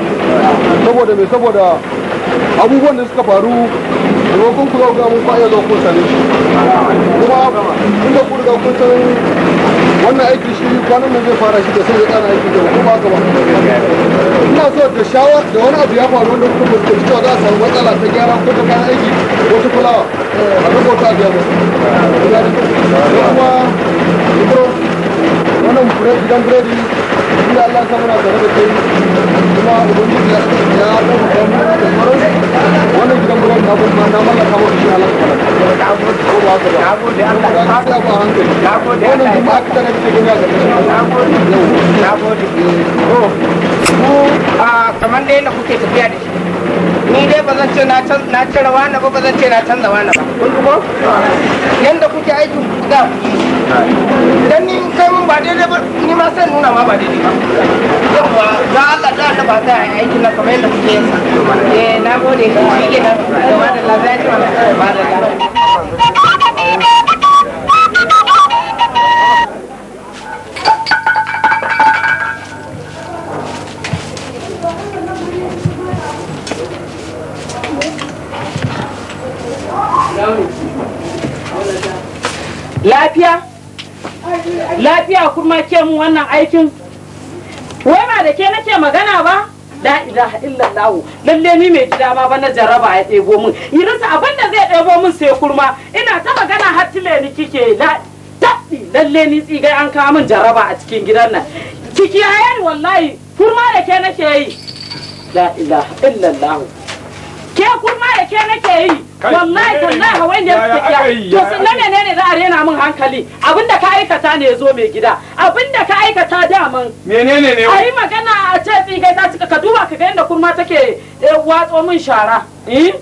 saboda mai saboda abubuwan da suka faru maimakon ku za ga mun fa'a zuwa kun sani shi kuma inda ku riga kun san wannan aiki shi kwanan nan zai fara shi da sai ya kana aiki da kuma haka ba ina so da shawar da wani abu ya faru wanda kuma ba su cewa za a samu matsala ta gyara ko ta kayan aiki ko ta kulawa a duk wata biya ba kuma wannan gidan biredi inda Allah ta muna tare da na ko ni nuna ma ba daidai ba Allah da Allah ba ta na kamar yadda kuke eh, lafiya lafiya kuma ke mu wannan aikin wai ba da ke nake magana ba la ilaha illallah lalle ni mai gida ma bana jaraba ya ɗebo min yirisa abin da zai ɗebo mun sai kurma ina ta magana har tile ni kike la tabbi lalle ni tsigai an kawo min jaraba a cikin gidan nan kiki ayar wallahi kurma da ke nake yi la ilaha illallah ke kurma da ke nake yi wallahi tallahi eh. hawain da ya fita kiya to sannan menene za a rena min hankali abinda ka aikata ne ya zo mai gida abinda ka aikata daman menene ne ayi magana a ce tsigai ta cika ka duba ka ga yadda kurma take eh, watso min shara eh?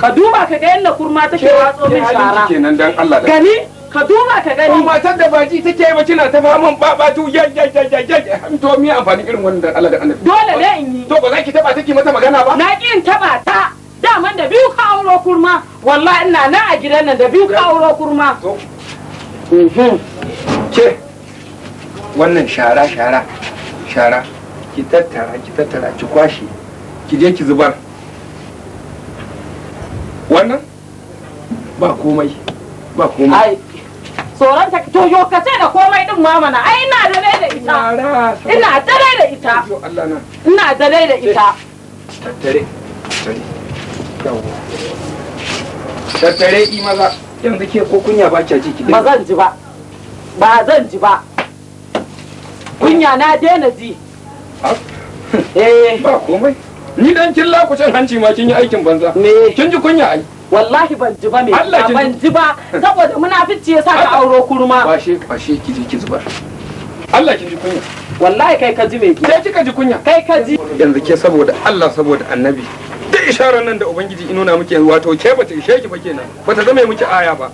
ka duba ka ga yadda kurma take watso min shara kenan dan Allah gani ka duba ka gani matar da baji take yi kina ta faman babatu ya ya ya ya ya to me amfani irin wannan dan Allah da Annabi dole ne in yi to ba za ki taba take mata magana ba na ki in taba ta daman da biyu ka auro kurma walla ina nan a gidan nan da biyu ka auro kurma ce wannan shara shara shara ki tattara ki tattara ki kwashe ki je ki zubar wannan ba komai ba komai tsoron ta ki yo ka ce da komai din mamana. mana ai ina dare da ita ina dare da ita ina dare da ita tattare tattare tattare i maza yanzu ke ko kunya ba kya ji ba zan ji ba ba zan ji ba kunya na daina ji ah. eh. ba komai ni dan kin lakucin hanci ma kin yi aikin banza kin ji kunya ai wallahi ban ji ba me ban ji ba saboda munafici yasa ka auro kurma kwashe kwashe ki je ki zubar Allah kin ji kunya wallahi kai ka ji me ki kai kika ji kunya kai ka ji yanzu ke saboda Allah saboda annabi duk isharar nan da ubangiji in nuna muke wato ke bata ishe ki ba kenan bata zama muke aya ba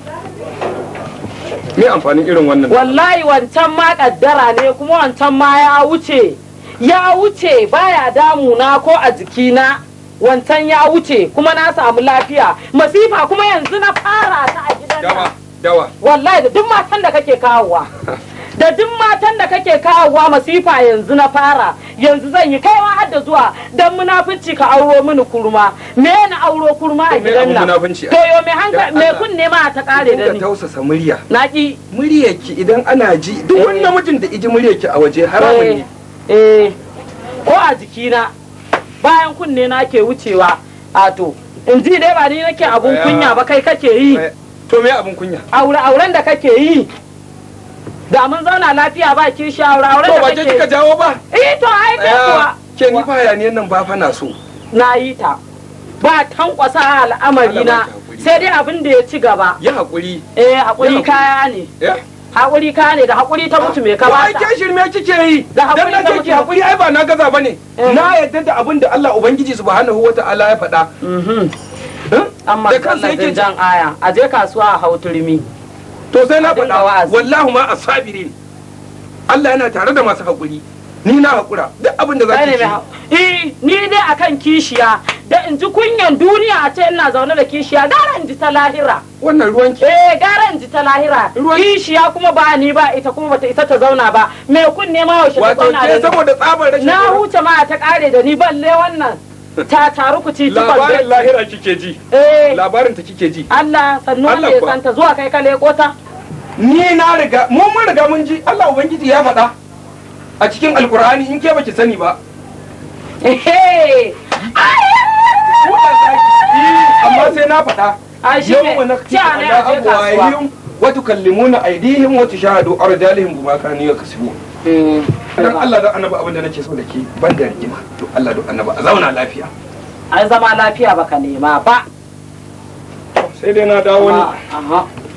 me amfanin irin wannan wallahi wancan ma kaddara ne kuma wancan ma ya wuce ya wuce baya damuna ko a jikina wancan ya wuce kuma na samu lafiya masifa kuma yanzu na fara ta a gidan dawa dawa wallahi da duk matan da kake kawowa da duk matan da kake kawowa masifa yanzu na fara yanzu zan yi kaiwa har da zuwa dan munafunci ka auro mini kurma me na auro kurma a gidan nan to yo me hanka me kunne ma ta kare da ni tausasa murya naki muryarki idan ana ji duk wani eh. namijin da iji muryarki a waje haramun ne eh, eh ko a jikina bayan kunne na ke wucewa a to in ji dai ba ni nake abun kunya ba kai kake yi to me abun kunya aure auren da kake yi da mun zauna lafiya ba ki shawara wurin da kake. To ba kika jawo ba? Eh to ai kai kuwa. Ke ni fa yani nan ba fa na so. Na yi ta. Ba tankwasa al'amari na sai dai abin da ya ci gaba. Ya hakuri. Eh hakuri kaya ne. Eh. Hakuri kaya ne da hakuri ta mutu mai ka ba ai ke shirme kike yi? Da hakuri ta mutu. hakuri ai ba na gaza bane. Eh. Na yadda da abin da Allah Ubangiji subhanahu wataala ya faɗa. Mhm. Eh? Amma da sai yake jan aya. Aje kasuwa a hauturmi. to sai na faɗa wallahu ma asabirin Allah yana tare da masu haƙuri ni na haƙura duk abin da za ki ci eh ni dai akan kishiya da in ji kunyan duniya a ce ina zaune da kishiya gara in ji ta lahira wannan ruwan ki eh gara in ji ta lahira kishiya kuma ba ni ba ita kuma bata ita ta zauna ba me kunne ma shi ta zauna da saboda tsabar rashin na huce ma ta kare da ni balle wannan ta taru ku ci ta labarin lahira kike ji eh labarin ta kike ji Allah sannu Allah ya santa zuwa kai ka leko ta ni na riga mu mun riga mun ji Allah ubangiji ya faɗa a cikin alkur'ani in ke baki sani ba eh, eh amma sai na faɗa yau na kisa da abuwa watu kallimuna aidihim wa tushahadu arjalihim bima kanu yakasibun eh. dan Allah da annabi abin da nake so da ke ban da rigima to Allah da annabi a zauna lafiya an zama lafiya baka nema ba sai dai na dawo ne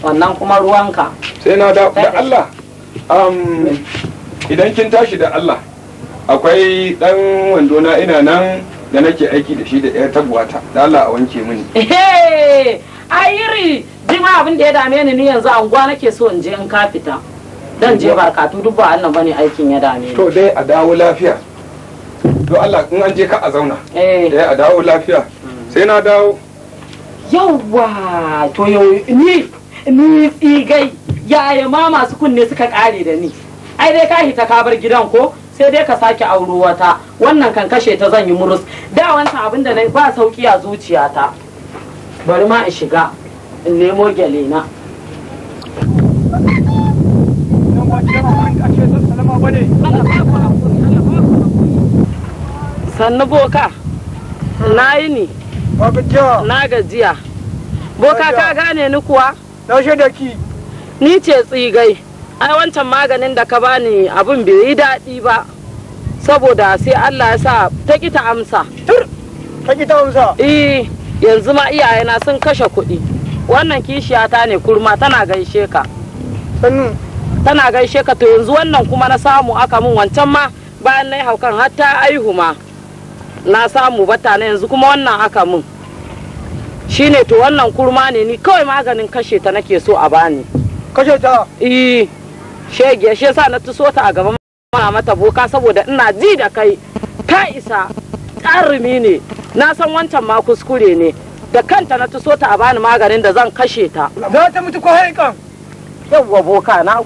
wannan kuma ruwanka sai na dawo da Allah idan kin tashi da Allah akwai dan wando na ina nan da nake aiki da shi da ɗaya taguwata da Allah a wanke mini ayiri jima abin da ya dame ni ni yanzu anguwa nake so in je in ka fita dan je barkatu duk ba Allah bane aikin ya dame to dai a dawo lafiya to Allah in an je ka a zauna eh dai a dawo lafiya hmm. sai na dawo yawwa to yau ni ni tsigai yaya ma masu kunne suka kare da ni ai dai ka hita ka bar gidan ko sai dai ka sake auro wata wannan kan kashe ta zan yi murus da wancan abin da ba sauki a zuciyata bari ma in shiga in nemo gyale na sannu boka na yi ni na gajiya boka ka gane ni kuwa da ki ni ce tsigai ai wancan maganin da ka bani abin bai yi daɗi ba saboda sai Allah ya sa ta ta amsa tur ta ta amsa eh yanzu ma iyayena sun kashe kuɗi wannan kishiyata ne kurma tana gaishe ka sannu tana gaishe ka to yanzu wannan kuma na samu aka mun wancan ma bayan na yi haukan har ta aihu ma na samu bata na yanzu kuma wannan aka mun shine to wannan kurma ne ni kawai maganin kashe ta nake so a bani kashe ta eh shege shi yasa na tuso ta a gaban mana mata boka saboda ina ji da kai ka isa ƙarumi ne na san wancan ma kuskure ne da kanta na tuso ta a bani maganin da zan kashe ta za ta mutu ko haikan yawwa boka na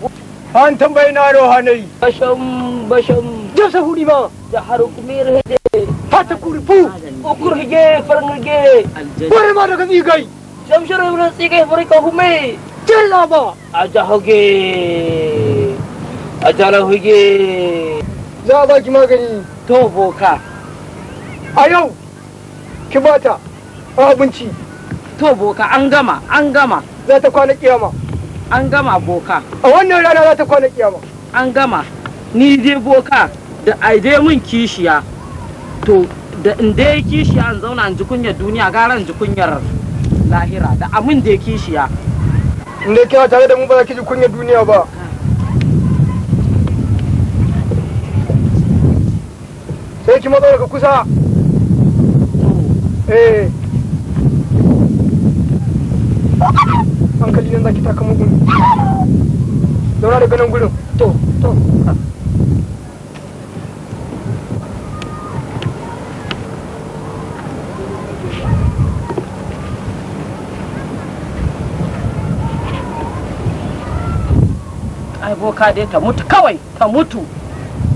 an tambayi na rohanai basham basham sa sahuri ba da har kumir hede fata kurfu ukur hige farnge bore ma daga tsigai jamshar wurin tsigai bore ka hume jalla ba aja hoge la hoge za ba ki magani to boka a yau ki bata abinci to boka an gama an gama za ta kwana kiyama an gama boka a wannan rana za ta kwana kiyama an gama ni dai boka da ai dai mun kishiya to da in dai kishiya in zauna in ji kunyar duniya gara in ji kunyar lahira da amin da kishiya in dai kina tare da mu ba za ki ji kunyar duniya ba sai ki matsa daga kusa eh idan zaki taka mugun zauna daga nan gurin to to ai boka dai ta mutu kawai ta mutu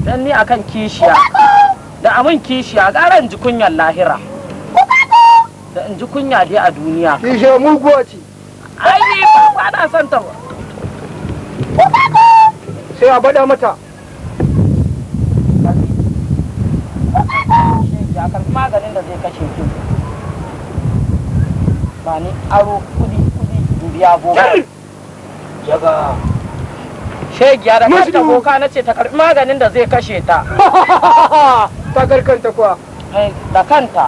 dan ni akan kishiya da amin kishiya gara in ji lahira da in ji kunya dai a duniya kishiya muguwa ce ai ana son ta ba sai a bada mata maganin da zai kashe ki ba ni aro kudi kudi shegiya da kanta boka na ce ta karbi maganin da zai kashe ta ta karkanta kuwa da kanta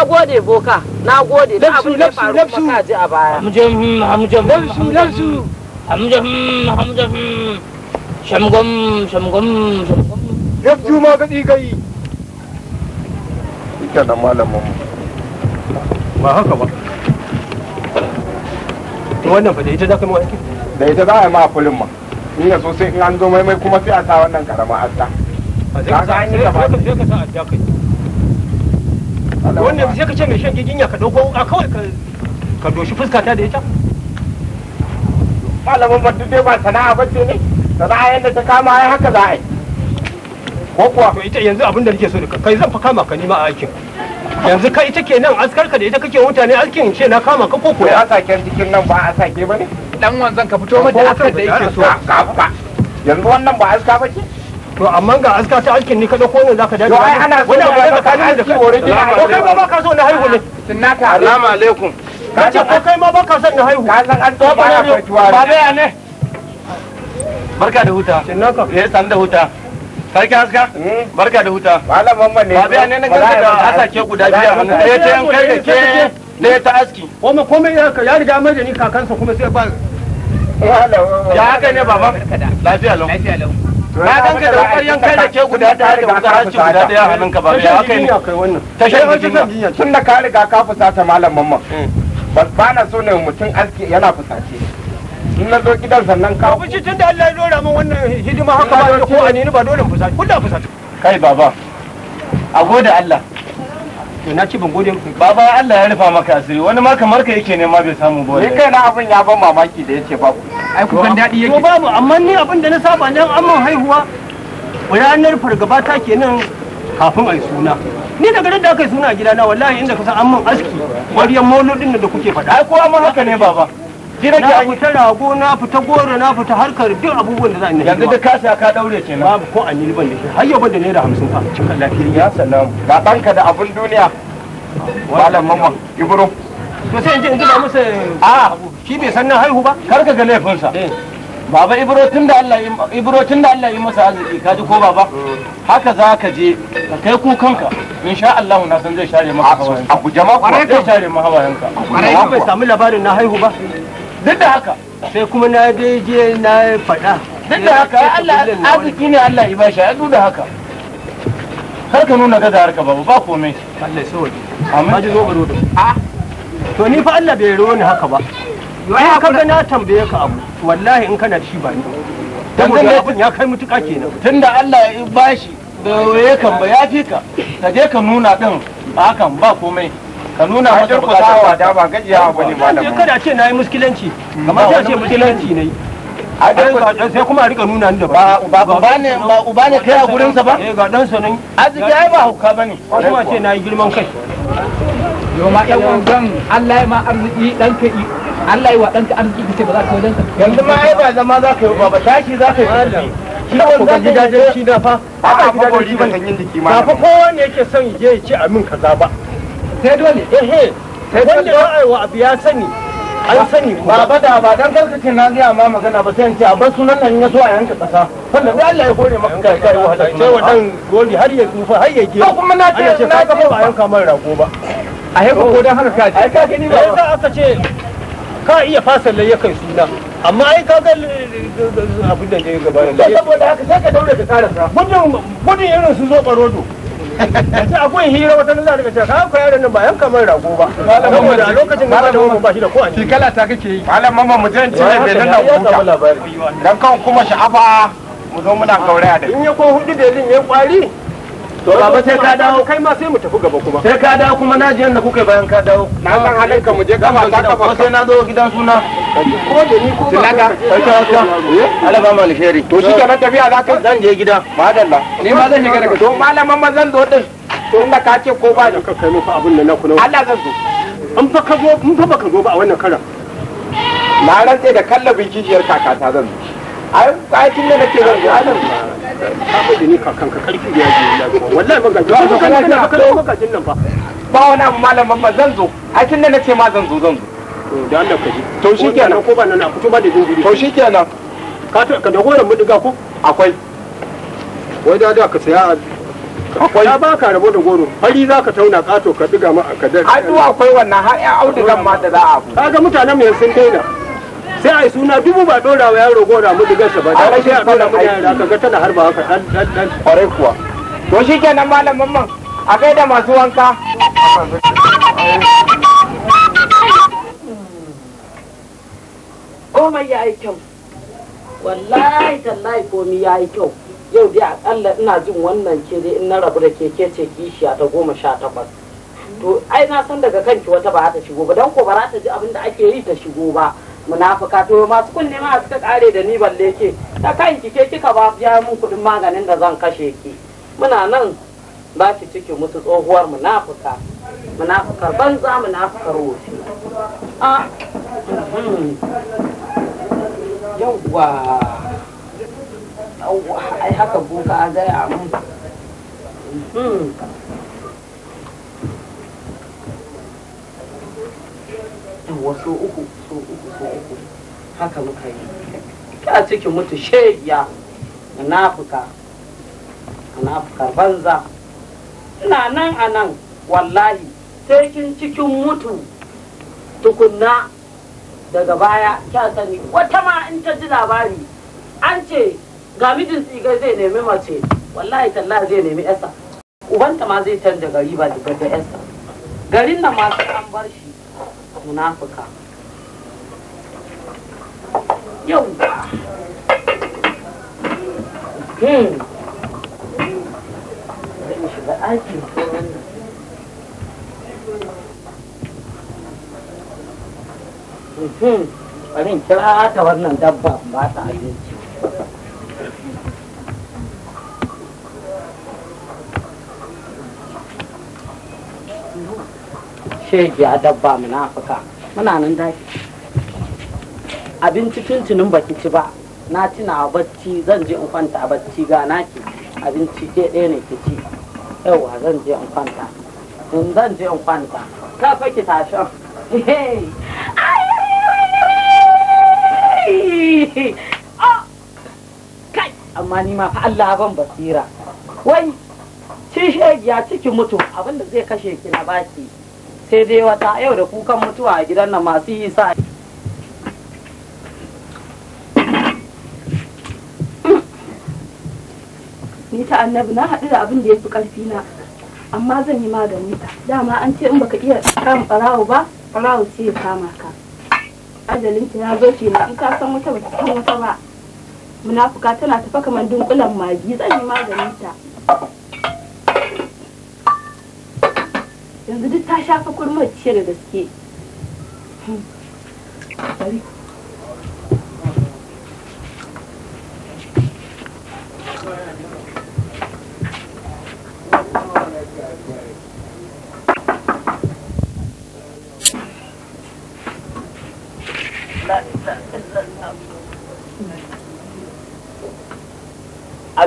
na gode boka na gode da abin da faru kuma ka ji a baya hamjam hmm, hamjam hmm. lafsu lafsu hamjam hmm, hamjam shamgam shamgam lafsu ma gadi gai ita da malamin ba haka ba wannan fa da ita za ka aiki da ita za a yi ma kullum ma in ya so sai in an zo maimai kuma sai a sa wannan karama asta ka ga an yi ka sa a kai wannan sai ka ce mai shan giginya ka dauko wuka kawai ka doshi fuska ta da ita malamin ba dai ba sana'a ba ce ne sana'a yadda ta kama ai haka za a yi ko kuwa ko ita yanzu abin da nake so da kai zan fa kama ka nima a aikin yanzu kai ita ke nan askar ka da ita kake mutane aikin ce na kama ka ko ko ya sake jikin nan ba a sake ne. dan wanzan ka fito mata askar da yake so ka yanzu wannan ba aska ba ce to amma ga aska ta alkin ne ka dauko ne zaka dace wai ana so da ka kani da kiwo rage ko kai ma baka so na haihu ne sunnata assalamu alaikum ce ko kai ma baka so na haihu ka san an to ba ne ba ya ne barka da huta sunnaka eh san da huta Sarki aska hmm? Barka da huta. Malam Mamman ne. ya ne na ganka da asake guda biya hannu. Ɗaya ta kai da ke ne ta aski. Koma komai ya ya riga mai da ni kakansa kuma sai ba. Ya haka ne baba. Lafiya lau. Lafiya lau. na ka da ƙaryan kai da ke guda ɗaya da wuta hanci guda ɗaya hannunka ba ya kai wannan, ta jinya. tun da ka riga ka fusata malam mamman mm. ba na so ne mutum aski yana fusace in na zo gidan sannan ka ku tun da Allah ya dora min wannan hidima haka ba ko a ni ba dole fusace kullum fusace kai baba a gode Allah to na ci ban gode muku baba Allah ya rufa maka asiri wani ma kamar ka yake nema bai samu ba ni kai na abin ya ban mamaki da yace ku ai ku kan dadi yake to babu amma ni abin da na saba nan amma haihuwa ranar fargaba ta kenan kafin ai suna ni daga ran da aka yi suna gidana wallahi inda ka san amman aski wariyar mauludin da kuke faɗa ai ko amma haka ne baba na fita rago na fita goro na fita harkar duk abubuwan da za a yi yanzu da kasa ka daure kenan babu ko a ban da shi har yau da naira hamsin fa cikin lafiyar ya salam ga ɗanka da abun duniya malam mamma ibro to sai in ji in gida musu a shi bai san na haihu ba kar ka ga laifinsa eh. baba ibro tun da Allah ibro tun da Allah yi masa arziki ka ji ko baba haka za ka je ka kai kukanka insha Allah na san zai share maka hawayenka a ku jama'a zai share maka hawayenka ba bai samu labarin na haihu ba duk da haka sai kuma na je na faɗa duk da haka Allah arziki ne Allah ya bashi a duk da haka kar ka nuna gaza harka babu ba komai Allah sai waje amma ji zo baro a ah. to ni fa Allah bai roni haka ba ai haka ga na tambaye ka abu wallahi in kana shi ba ni dan zan ya kai mutuka kenan tunda Allah ya bashi da ya kan ba ya fi ka ka je ka nuna din hakan ba komai ka nuna masa bukata da ba gajiya ba ne malamu kada ce nayi muskilanci hmm. kamar sai ce muskilanci ne a dan sai kuma rika nuna ni da ba ba ba ne ba uba ne kai a gurin sa ba eh ga dan sanin arziki ai ba hukka bane kuma ce nayi girman kai yo ma yan wangan Allah ya ma arziki dan kai Allah ya wa dan ka arziki kace ba za ka wajen ka yanzu ma ai ba zama za ka yi ba ba tashi za ka yi kiwon gidajen shi da fa a ba gidajen shi ban ganyen jiki ma ba fa kowanne yake son ya ce amin kaza ba sai dole ehe eh. wanda ya a abu ya sani an sani ba ba da ba dan karkace na ga ma magana ba sai in ce a bar sunan nan ya so a yanka kasa wanda sai Allah ya gore maka kai kai wahala sai wannan goli har ya tsufa har ya je kuma na ce na ga ba a yanka mai rago ba a haifa ko dan haka kace ai ka gani ba eh, sai aka ce ka iya fasa layyakan suna amma ai ka ga abin da ya gaba da saboda haka sai ka daure ka karasa gudun gudun irin su zo barodo yanzu akwai hira wata nan za ka ce ka koyar nan ba yan kamar rago ba malamin da lokacin da malamin ba shi da ko an kala ta kake yi malamin ba mutum ce bai nan huta dan kan kuma sha'afa mu zo muna gauraya da in ya ko hudu da lin kwari to baba sai ka dawo kai ma sai mu tafi gaba kuma sai ka dawo kuma na ji yanda kuka bayan ka dawo na san halin ka mu je gaba ta kafa sai na zo gidan suna ko da ni ko ba ka ka ka Allah ba mu alheri to shi kenan tafiya za ka zan je gida madalla ni ma zan shiga daga to malaman ma zan zo din to inda ka ce ko ba ni ka kai muku abin da na kuna Allah zan zo in fa ka zo in fa baka zo ba a wannan karan na rantse da kallabin kijiyar kakata zan zo ai aikin da zan ga nan ka da ni kakan ka karfi da yaji wallahi ban gaji ba kana kana nan ba wani abu zan zo aikin na ce ma zan zo zan zo da Allah ka ji to shikenan ko ba nan a fito ba da to ka ka diga ko akwai wai da da ka saya akwai ya baka rabo da goro fari za ka tauna kato ka diga ma ka da akwai wannan har ya audugan ma da za a kaga mutanen mu sun daina sai a yi suna dubu ba dora wa yaro da mutu digar ba da sai a dora mu da yara kaga tana har ba haka dan dan dan kwarai kuwa to shi ke nan malam mamman a kai da masu wanka komai ya yi kyau wallahi tallahi komai ya yi kyau yau dai akalla ina jin wannan ke dai in na rabu da keke ce kishiya ta goma sha takwas to ai na san daga kanki wata ba ta shigo ba don ko ba za ta ji abin da ake yi ta shigo ba munafuka to masu kunne ma suka kare da ni balle ke ta kan ki ke kika ba ya mun kudin maganin da zan kashe ki muna nan ba ki ciki mutu tsohuwar munafuka munafukar banza munafukar wofi a hmm. yawwa yawwa ai haka boka a gaya mun hmm. wasu uku haka muka yi ka cikin mutu shegiya munafuka munafuka banza ina nan a nan wallahi sai kin cikin mutu tukunna daga baya kya sani wata ma in ta ji labari an ce ga mijin tsigai zai nemi mace wallahi tallahi zai nemi yasa ubanta ma zai canza gari ba daga yasa garin nan masu an bar shi munafuka yau hmm zan shiga aikin wannan hmm bari kira ta wannan dabba ba ta abinci shege a dabba fuka muna nan daki abinci tuntunin baki ci ba na tuna bacci zan je in kwanta a bacci ga naki abinci ke ɗaya ne ki ci yauwa zan je in kwanta in zan je in kwanta ta fa ki ah! kai amma ni ma fa Allah ban basira wai cin shegiya ciki mutu abinda zai kashe ki na baki sai dai wata yau da kukan mutuwa a gidan nan masu yi sa'i ni ta annabi na haɗu da abin da ya fi ƙarfi na amma zan yi maganin ta dama an ce in baka iya kama ɓarawo ba ɓarawo ce ya kama ka ajalin ta ya zo na in ka san wata ta san wata ba munafuka tana tafa kamar dunkulan magi zan yi maganin ta yanzu duk ta shafa kurmar ciyar da gaske hmm.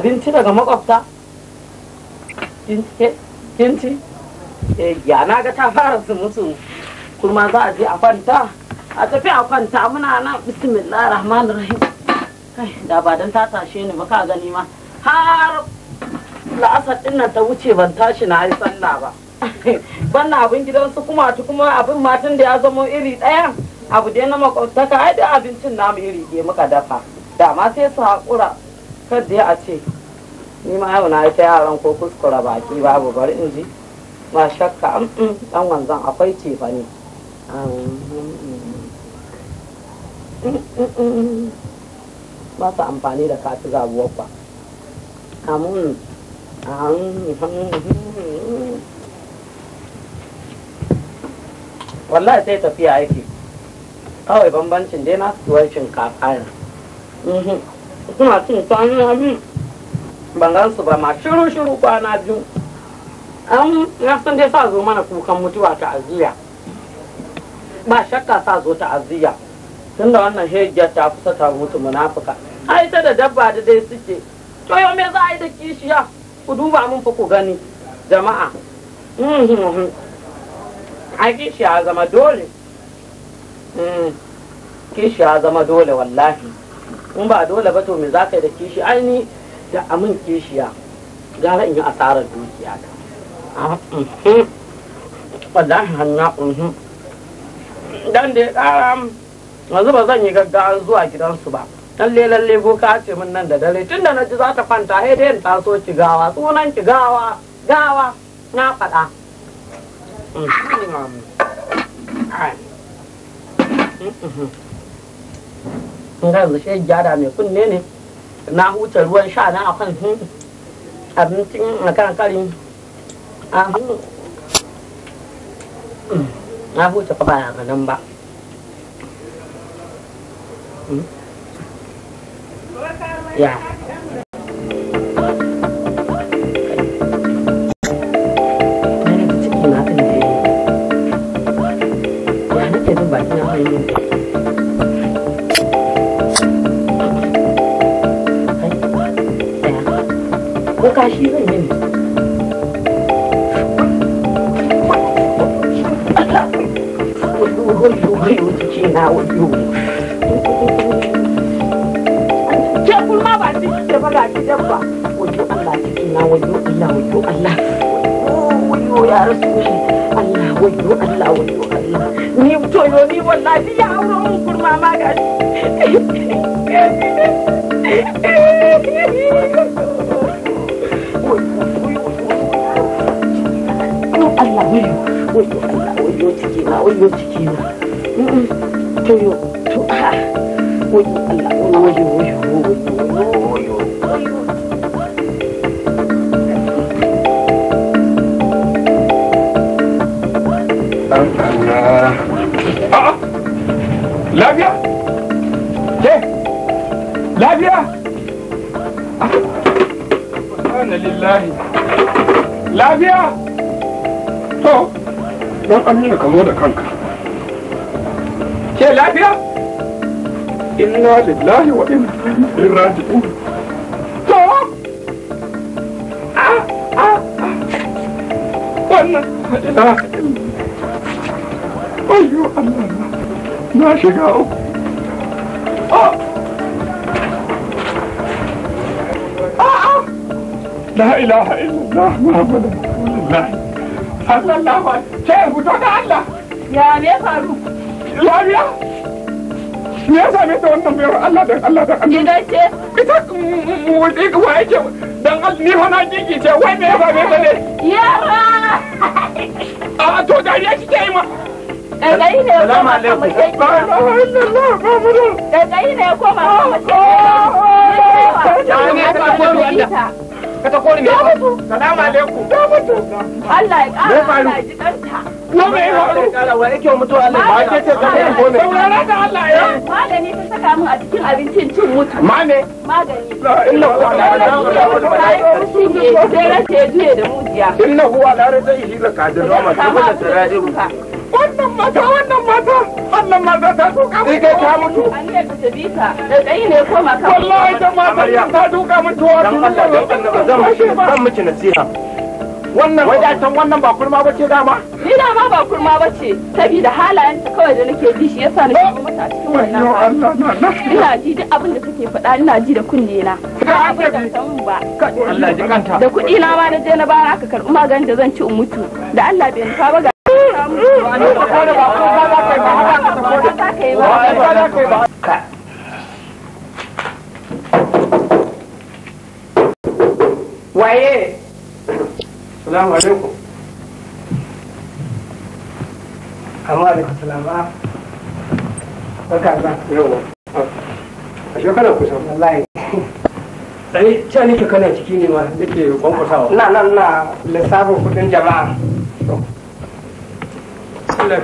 abinci daga makwabta kinci eh, ya na ga ta fara su musu kurma za a je a kwanta a tafi a kwanta muna nan bismillah rahman rahim kai da ba don ta tashe ni ba ka gani ma har la'asar din nan ta wuce ban tashi na yi sallah ba wannan abin gidansu kuma ta kuma abin matan da ya zama iri ɗaya abu dai na makwabtaka ai da abincin namu iri ɗaya muka dafa dama sai su haƙura kar dai a ce ni ma yau na yi ta yaran ko kuskura baki babu bari in ji ba shakka mm, mm, dan wanzan akwai ce fa ne ba su amfani da kafi zabuwa ba amun mm, wallahi sai tafiya aiki. kawai bambancin dai na su tuwar shinkafa ne suna mm-hmm. cin tsanin abin ban su ba ma shiru shiru kwana biyu an na san dai sa zo mana kukan mutuwa ta aziya ba shakka sa zo ta aziya da wannan hejiyar ta kusa ta mutu munafuka ai ta da dabba da dai suke to yau me za a yi da kishiya ku duba mun fa ku gani jama'a mhm, mhm. ai kishiya zama dole mhm. kishiya zama dole wallahi in ba dole ba to me za ka yi da kishi ai ni da amin kishiya gara in yi asarar dukiya ta ah, mhm. wallahi hanna unhu mhm. dan da ya ah, yanzu ba zan yi gaggawa zuwa gidansu ba lalle lalle ko ka ce min nan da dare tunda na ji za ta kwanta sai dai in taso ki gawa sunan ki gawa gawa na faɗa mhm. Kun shi gyara mai kunne ne. na huce ruwan sha na akan hin abincin a kan kari a hin mm. na huce ba ya nan ba mm. ya ba shi zan yi ne ke kuma ba ci ke ba ga gidan ba wajo Allah ciki na wajo Allah wajo Allah wajo ya rasu shi Allah wajo Allah wajo Allah ni to yo ni wallahi ya auro mun kurma ma ga shi Lafiya? Ke? Lafiya? lillahi lafiya to don amina ka zo da kanka ke lafiya inna lillahi wa inna ilaihi raji'un to a a wannan ila ayyo Allah na shiga uku la ilaha illallah muhammadu rasulullah sallallahu alaihi ce fito da Allah ya me faru lafiya me ya same ta wannan bayar Allah dan Allah dan Allah gidan ce ita wuri wa yake dan Allah ni fa na gigi ce wai me ya same ta ne yara a to dariya kike yi ma Dagai ne ya koma kuma ce. Ba ba mu da. Dagai ne ya koma kuma ce. Ya ne ya koma kuma ka ta kore me salamu alaikum ta mutu Allah ya kara Allah ya ji ko me ya faru kara wa yake mutu Allah ba ke ce ka ko me saurara da Allah ya magani ta saka min a cikin abincin cin mutu mame magani inna huwa la ilaha illa huwa sai race da mujiya inna huwa la ilaha illa kadir rahmat kuma da tarayyu wannan mata wannan mata wannan mata ta duka mutu ita ta mutu an ne ka tabi ta da tsayi ne ko maka wallahi da mata ta duka mutu wa tun da zan miki zan miki nasiha wannan wadatan wannan ba kurma bace dama ni dama ba kurma bace saboda halayen ta kawai da nake ji shi yasa nake mata cikin wannan ina ji duk abin da suke faɗa ina ji da kunne na da kudi na ma na je na bara aka karɓi maganin da zan ci in mutu da Allah bai nufa ba Cut. Waye. Eh, salamu alaikum. Amma alaikum salama. Barka da yawa. A shekara kusa. Wallahi. Sai eh, ce nake kana ciki ne ma nake kwankwasawa. Na na na lissafin kudin jama'a. Allah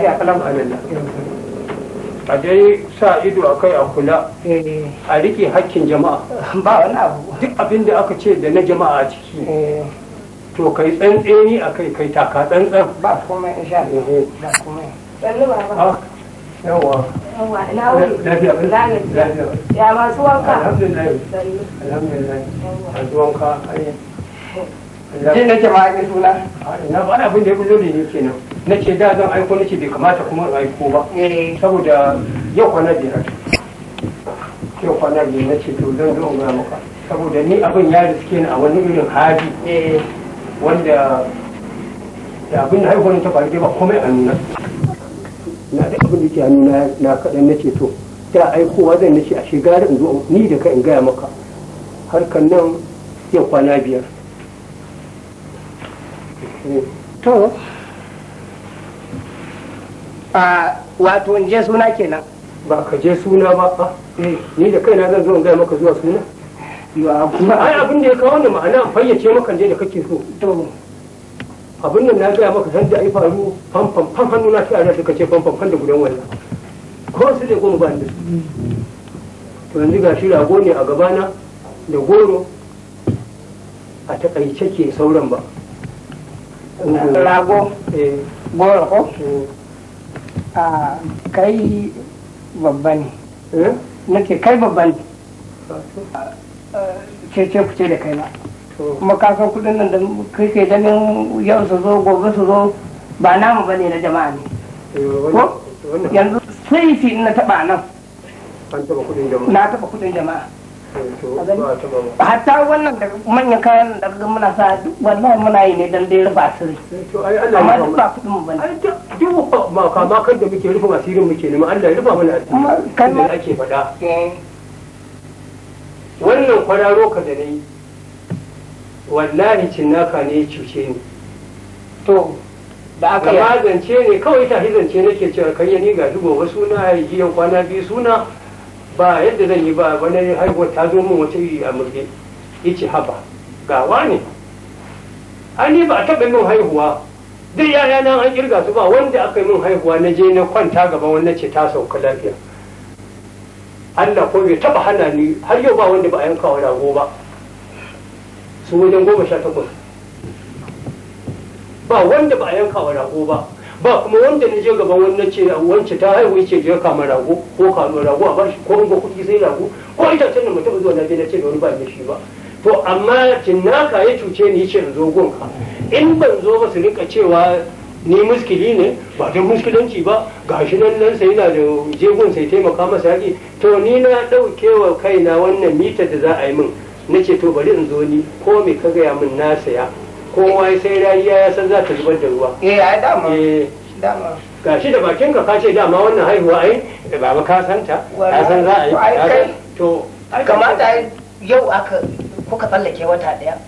fi A dai sa ido a kai a kula. Eh. A riƙe hakkin jama'a. Duk abin da aka ce da na jama'a a ciki. Eh. To kai tsantseni a kai kai tsantsan. yawa ina wuri lafiya lafiya ya masu wanka alhamdulillah alhamdulillah masu wanka jin nake ma an yi suna na faɗa abin da ya kullo da ne kenan na ce da zan aiko nake bai kamata kuma in aiko ba eh. saboda yau kwana biyar yau kwana biyar na ce to zan zo in maka saboda ni abin ya riske ni a wani irin hali eh. wanda da abin da haihuwar ta faru ba komai a nuna abin da ke hannu na na kaɗan na ce to da aikowa zan nace a shigar in zo ni da ka in gaya maka harkan nan yau kwana biyar to a wato in je suna kenan ba ka je suna ba eh, ni da kai na zan zo in gaya maka zuwa suna ai abin da ya kawo ni ma'ana fayyace maka je da kake so abin nan na gaya maka san da ai faru fam fam fam hannu na shi a suka kace fam fam fam da gudan wannan ko su ne goma ba ni to yanzu ga shi rago ne a gabana da goro a takaice ke sauran ba rago eh. goro ko eh. a kai babba ne eh? na ce kai babba ne ce ce ku ce da kai na kuma kasan kudin nan da kake ganin yau su zo gobe su zo ba namu bane na jama'a ne eh, ko yanzu sai fi na taba nan na taba kudin jama'a eh, hatta wannan da manyan kayan da ga muna sa wallahi muna yi ne dan dai rufa asiri eh, amma duk ba kudin mu bane duk ma kama kan da muke rufa asirin muke ne Allah ya rufa mana kan da ake faɗa wannan kwararo ka da nayi wallahi cinnaka ne cuce ni to da aka magance ne kawai ta zance nake cewa kai ni ga gobe suna yi kwana biyu suna ba yadda zan yi ba wani haihuwar ta zo min wata iri a murge yace haba gawa ne ani ba a taɓa min haihuwa duk yaya nan an kirga su ba wanda aka yi min haihuwa na je na kwanta gaba wannan ce ta sauka lafiya Allah ko bai taɓa hana ni har yau ba wanda ba a yanka wa rago ba su wajen goma sha takwas ba wanda ba a yanka wa rago ba ba kuma wanda na je gaba wannan ce wance ta haihu yace je kama rago ko kano rago a bashi ko ungo kuɗi sai rago ko tun da mutum zuwa na je na ce da wani ba da shi ba to amma cinnaka ya cuce ni yace in zo gonka in ban zo ba su rika cewa ni muskili ne ba da muskilanci ba gashi nan nan sai na da jegun sai taimaka masa yaki to ni na ɗaukewa kaina wannan mitar da za a yi min na ce to bari in zo ni ko me ka gaya min na saya ko wai sai rayuwa ya san za ta zubar da ruwa eh ai dama eh dama shi da bakin ka ka ce dama wannan haihuwa ai eh, baba ka san ta ka san za a yi to kamata yau aka kuka tsallake wata daya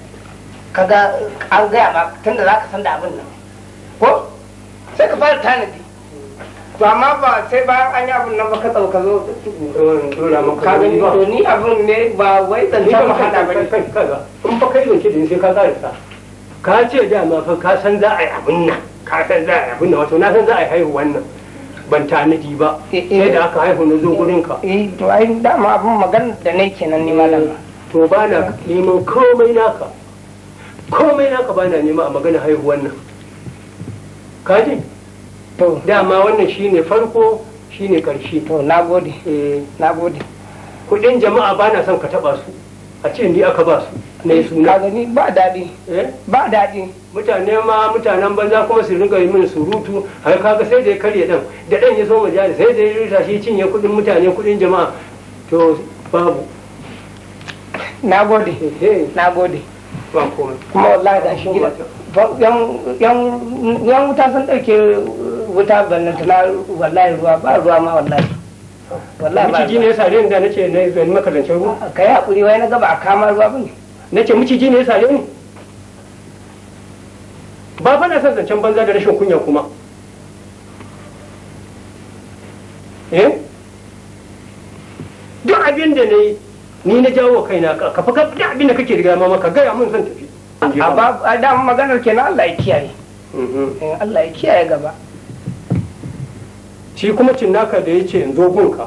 kaga an gaya ma tunda za ka san da abin nan ko sai ka fara tanadi to amma ba sai bayan an yi abin nan ba ka tsauka zo dora maka ka gani to ni abin ne ba wai zancen wahala ba ne in fa kai doke din sai ka tsare sa ka ce dama fa ka san za a yi abin nan ka san za a yi abin nan wato na san za a yi haihu wannan ban tanadi ba eh, eh. sai da aka haihu na zo gurin ka eh, eh to ai dama abin magana da ne kenan ni malama to ba na neman komai naka komai naka ba na nema a magana haihuwan nan ka ji dama wannan shine farko shine karshe to nagode eh. nagode kudin jama'a ba na son ka taba su a ce ni aka ba su ne su ka gani ba daɗi eh? ba dadi mutane ma mutanen banza kuma su rinka yi min surutu har kaga sai da ya karya dan da dan ya so majalis sai da ya rita shi cinye kudin mutane kudin jama'a to babu nagode eh, nagode ba komai kuma wallahi da shi gida yan wuta sun ɗauke uh, wuta ballantana wallahi ruwa ba ruwa ma wallahi wallahi ba miciji ne yasa rin da nace na zai makarancin ruwa kai hakuri wai na gaba a kama ruwa bane nace miciji ne yasa rin ba fa na san zancen banza da rashin kunya kuma eh duk abin da nayi ni na jawo kaina ka fa duk abin da kake riga ma maka gaya mun zan tafi a da maganar kenan Allah ya kiyaye mhm. eh, Allah ya kiyaye gaba shi kuma cinnaka da ya ce in zo gunka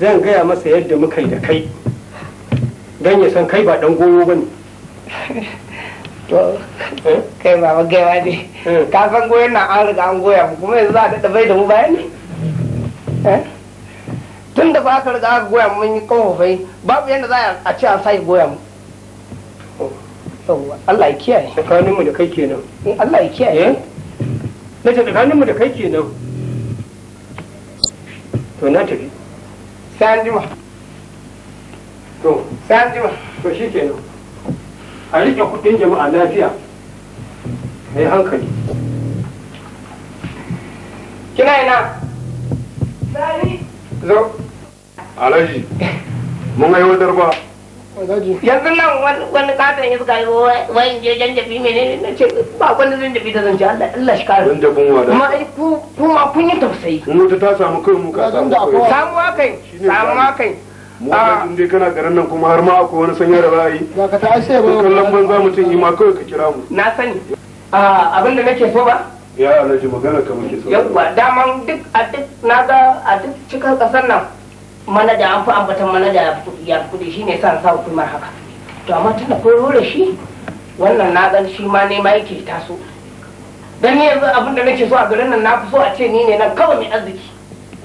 zan gaya masa yadda muka yi da kai don ya san kai ba dan goyo ba ne to eh? kai ba magaiwa ne eh. ka san goyon na an riga an goya mu kuma yanzu za a daɗa da mu bayan ne tun da ba ka riga aka goya mun yi kofofai babu yadda za a ce an sake goya mu oh. Allah ya kiyaye tsakaninmu da kai kenan in eh, Allah ya kiyaye eh? na ce tsakaninmu da kai kenan to na tafi sai an jima to sai an jima to shi kenan a riƙe kudin jama'a lafiya yi hankali kina ina Zari. zo alhaji mun aiwatar ba yanzu nan wani katon ya suka yi wayan je janjabi mene ne ce ba wani janjabi da zance ce. Allah shi kare kuma ai ku kun yi tausayi mu ta ta samu kai mu ka samu kai samu kai samu kai mu wannan ah. dai kana garin nan kuma har ma akwai wani sanya da ra'ayi ba ka ta ashe ba ma kawai ka kira mu na sani ah, nake so ba ya alhaji magana ka muke so yawa daman duk a duk na ga a duk cikin kasar nan Mana da an fi ambatan da ya fi kuɗi shine san sa hukumar haka to amma tun da kun shi wannan na gan shi ma nema yake taso dan yanzu abin da nake so a garin nan na fi so a ce ni ne nan kawai mai arziki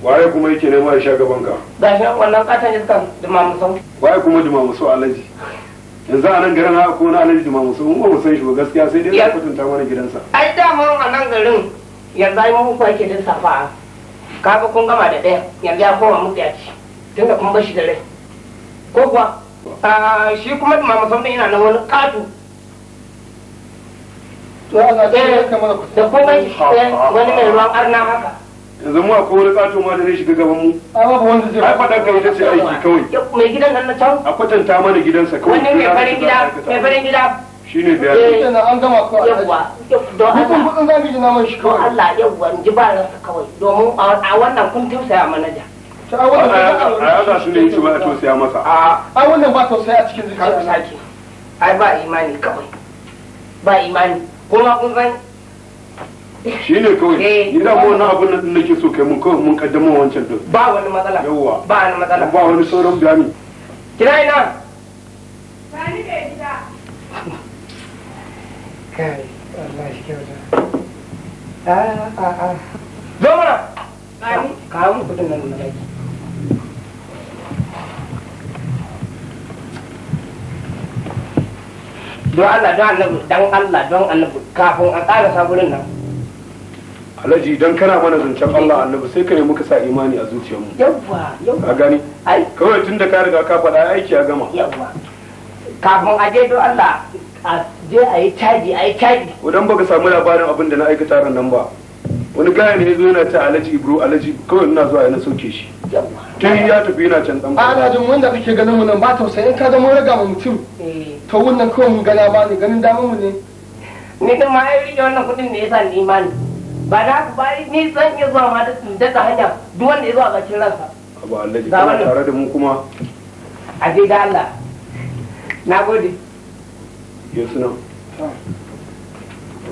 waye kuma yake nema ya sha gaban ka ga shi wannan katon iska dumamusau waye kuma dumamusau alaji yanzu a nan garin haka ko na alaji dumamusau mun ba mu san shi ba gaskiya sai dai zai kwatanta mana gidansa ai dama a nan garin yanzu ai mun din safa Ka ga kun gama da ɗaya yanzu ya koma muku ya ci tunda kuma bashi da rai ko kuwa a shi kuma da mamasa wani yana nan wani katu da kuma wani mai ruwan arna haka yanzu mu akwai wani kato ma da zai shiga gaban mu ai babu ka zai ai ita ce aiki kawai mai gidan nan na can a kwatanta mana gidansa kawai wannan mai farin gida mai farin gida shine biya ne eh, kenan an gama ko yawa don Allah kun kun zamu ji naman shi kawai Allah yawa ji ba ransa kawai domin a wannan kun tausaya manaja ta awon da za su ne shi ba a tausaya masa a ai wannan ba a cikin zuciya sake ai ba imani kawai ba imani kuma kun san shi ne kawai eh. ni da wannan n'a nan nake so kai mun kawai mun kaddama wancan din ba wani matsala yawa ba wani matsala ba wani sauran bayani kira ina sani da gida kai Allah shi kyauta a ah, a ah, a ah. zo mana kawo mu kudin nan na baki don Allah don annabi don Allah don annabi kafin a ƙarasa sabulin nan alhaji idan kana mana zancen Allah annabi sai ka ne muka sa imani a zuciyarmu yawwa yawwa ka gani ai kawai tunda ka riga ka faɗa aiki ya gama yawwa kafin a je don Allah a je a yi caji a yi caji idan baka samu labarin abin da na aikata ran nan ba wani gaya ne ya zo yana ta alhaji ibro alhaji kawai ina zuwa yana soke shi yawwa tun ya tafi yana can dan ana jin wanda kake ganin mu nan ba tausayin ka zama raga mu mutum eh. to wannan kawai mun gana ba ne ganin damar mu ne ni din ma ai rike wannan kudin ne yasa ni ma ne ba za haka ba ni zan iya zuwa ma da daga hanya duk wanda ya zuwa bakin ransa abu Allah ji kana tare da mu kuma a je Allah na gode yesu na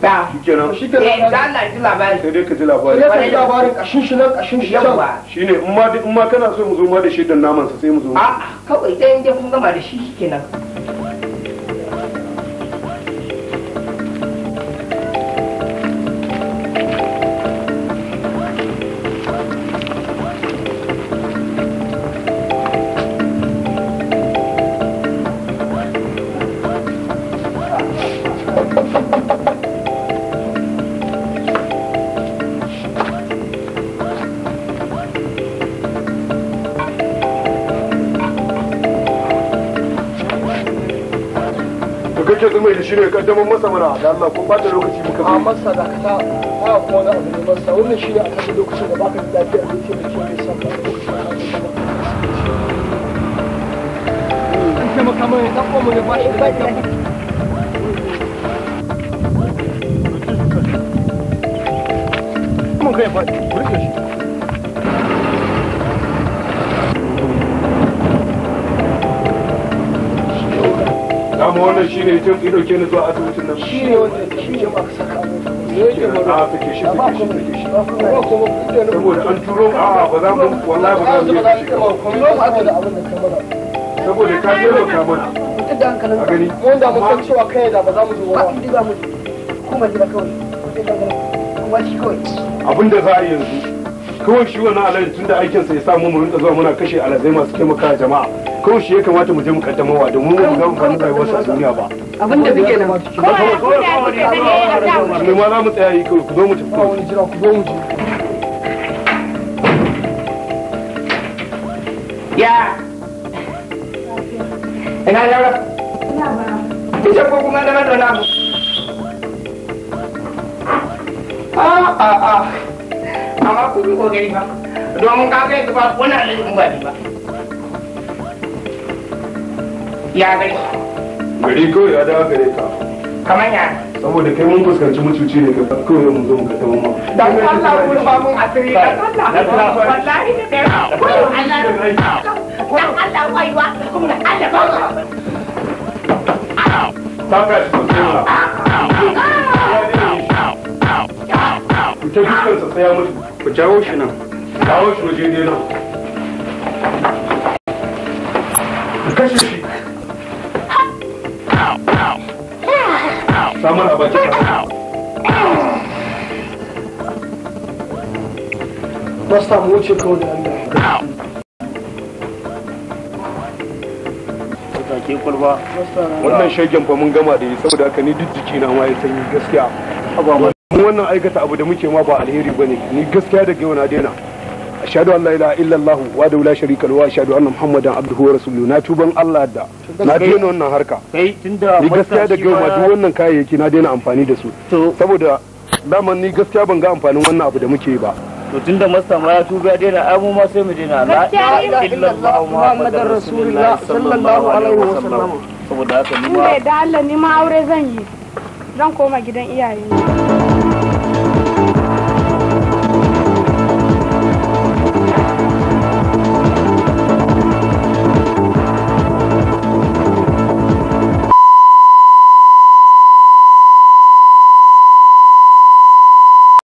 ba shi a shi kenan eh, da ji labari sai ka ji labari sai ka shi shi nan shi shine in ma kana so mu zo ma da shi dan naman sa sai mu zo a ah, kawai sai in je kun gama da shi kenan muke zama da shi ne kaddamar masa mara da Allah kun da lokaci muka bi. amma masa da ka ta ta kuma na abu ne masa wannan shi a kan lokaci da baka da lafiya da yake da shi ne sa da lokacin da ta kuma ne ba shi da lafiya. Mun kai ba, shi. amma wannan shine ya tun ido ke ni zuwa asibitin nan shi ne wanda shi ne maka saka a fike shi fike shi fike shi saboda an turo a ba za mu wallahi ba za mu je shi saboda ka je ba ka mana a gani mun da mun cewa kai da ba za mu zo ba ba za mu kuma gida kawai kuma shi kawai abinda za a yanzu kawai shi wannan alaji tunda aikinsa ya samu mu rinka zuwa muna kashe alazai masu taimaka jama'a ko shi ya kamata mu je mu kaddamarwa domin mu ga amfanin rayuwar a duniya ba abin da suke nan mai ma za mu tsaya yi kawai ku zo mu ya ina ko kuma da nan na a ah, a ah, a ah. amma ku ko kokari ba don kaga ba ba ya gai gari kawai ya dawo gare ka kamar ya saboda kai mun fuskanci mutuci ne ka kawai mun zo mu ka ta mamma dan Allah ku ba mun asiri dan Allah wallahi ne kai ko Allah dan Allah wai wa kuma Allah ba Saka shi sosai ba. Ku ta mutu. Ku jawo shi nan. Jawo shi waje ne nan. Kashe shi. samun a baki ba samu wuce kawai da Allah wannan shagen fa mun gama da yi saboda haka ni duk jiki na ma ya sanyi gaskiya wannan aikata abu da muke ma ba alheri bane ni gaskiya da yau na daina ashhadu an la ilaha illallah wa da la sharika lahu wa ashhadu anna muhammadan abduhu wa rasuluhu na tuban Allah da na daina wannan harka kai tunda ni gaskiya da gauma duk wannan kayayyaki na daina amfani da su saboda daman ni gaskiya ban ga amfanin wannan abu da muke ba to tunda masta ma ya tuba ya daina amu ma sai mu daina la ilaha illallah muhammadar rasulullah sallallahu alaihi wa sallam saboda haka ni ma da Allah ni ma aure zan yi zan koma gidan iyaye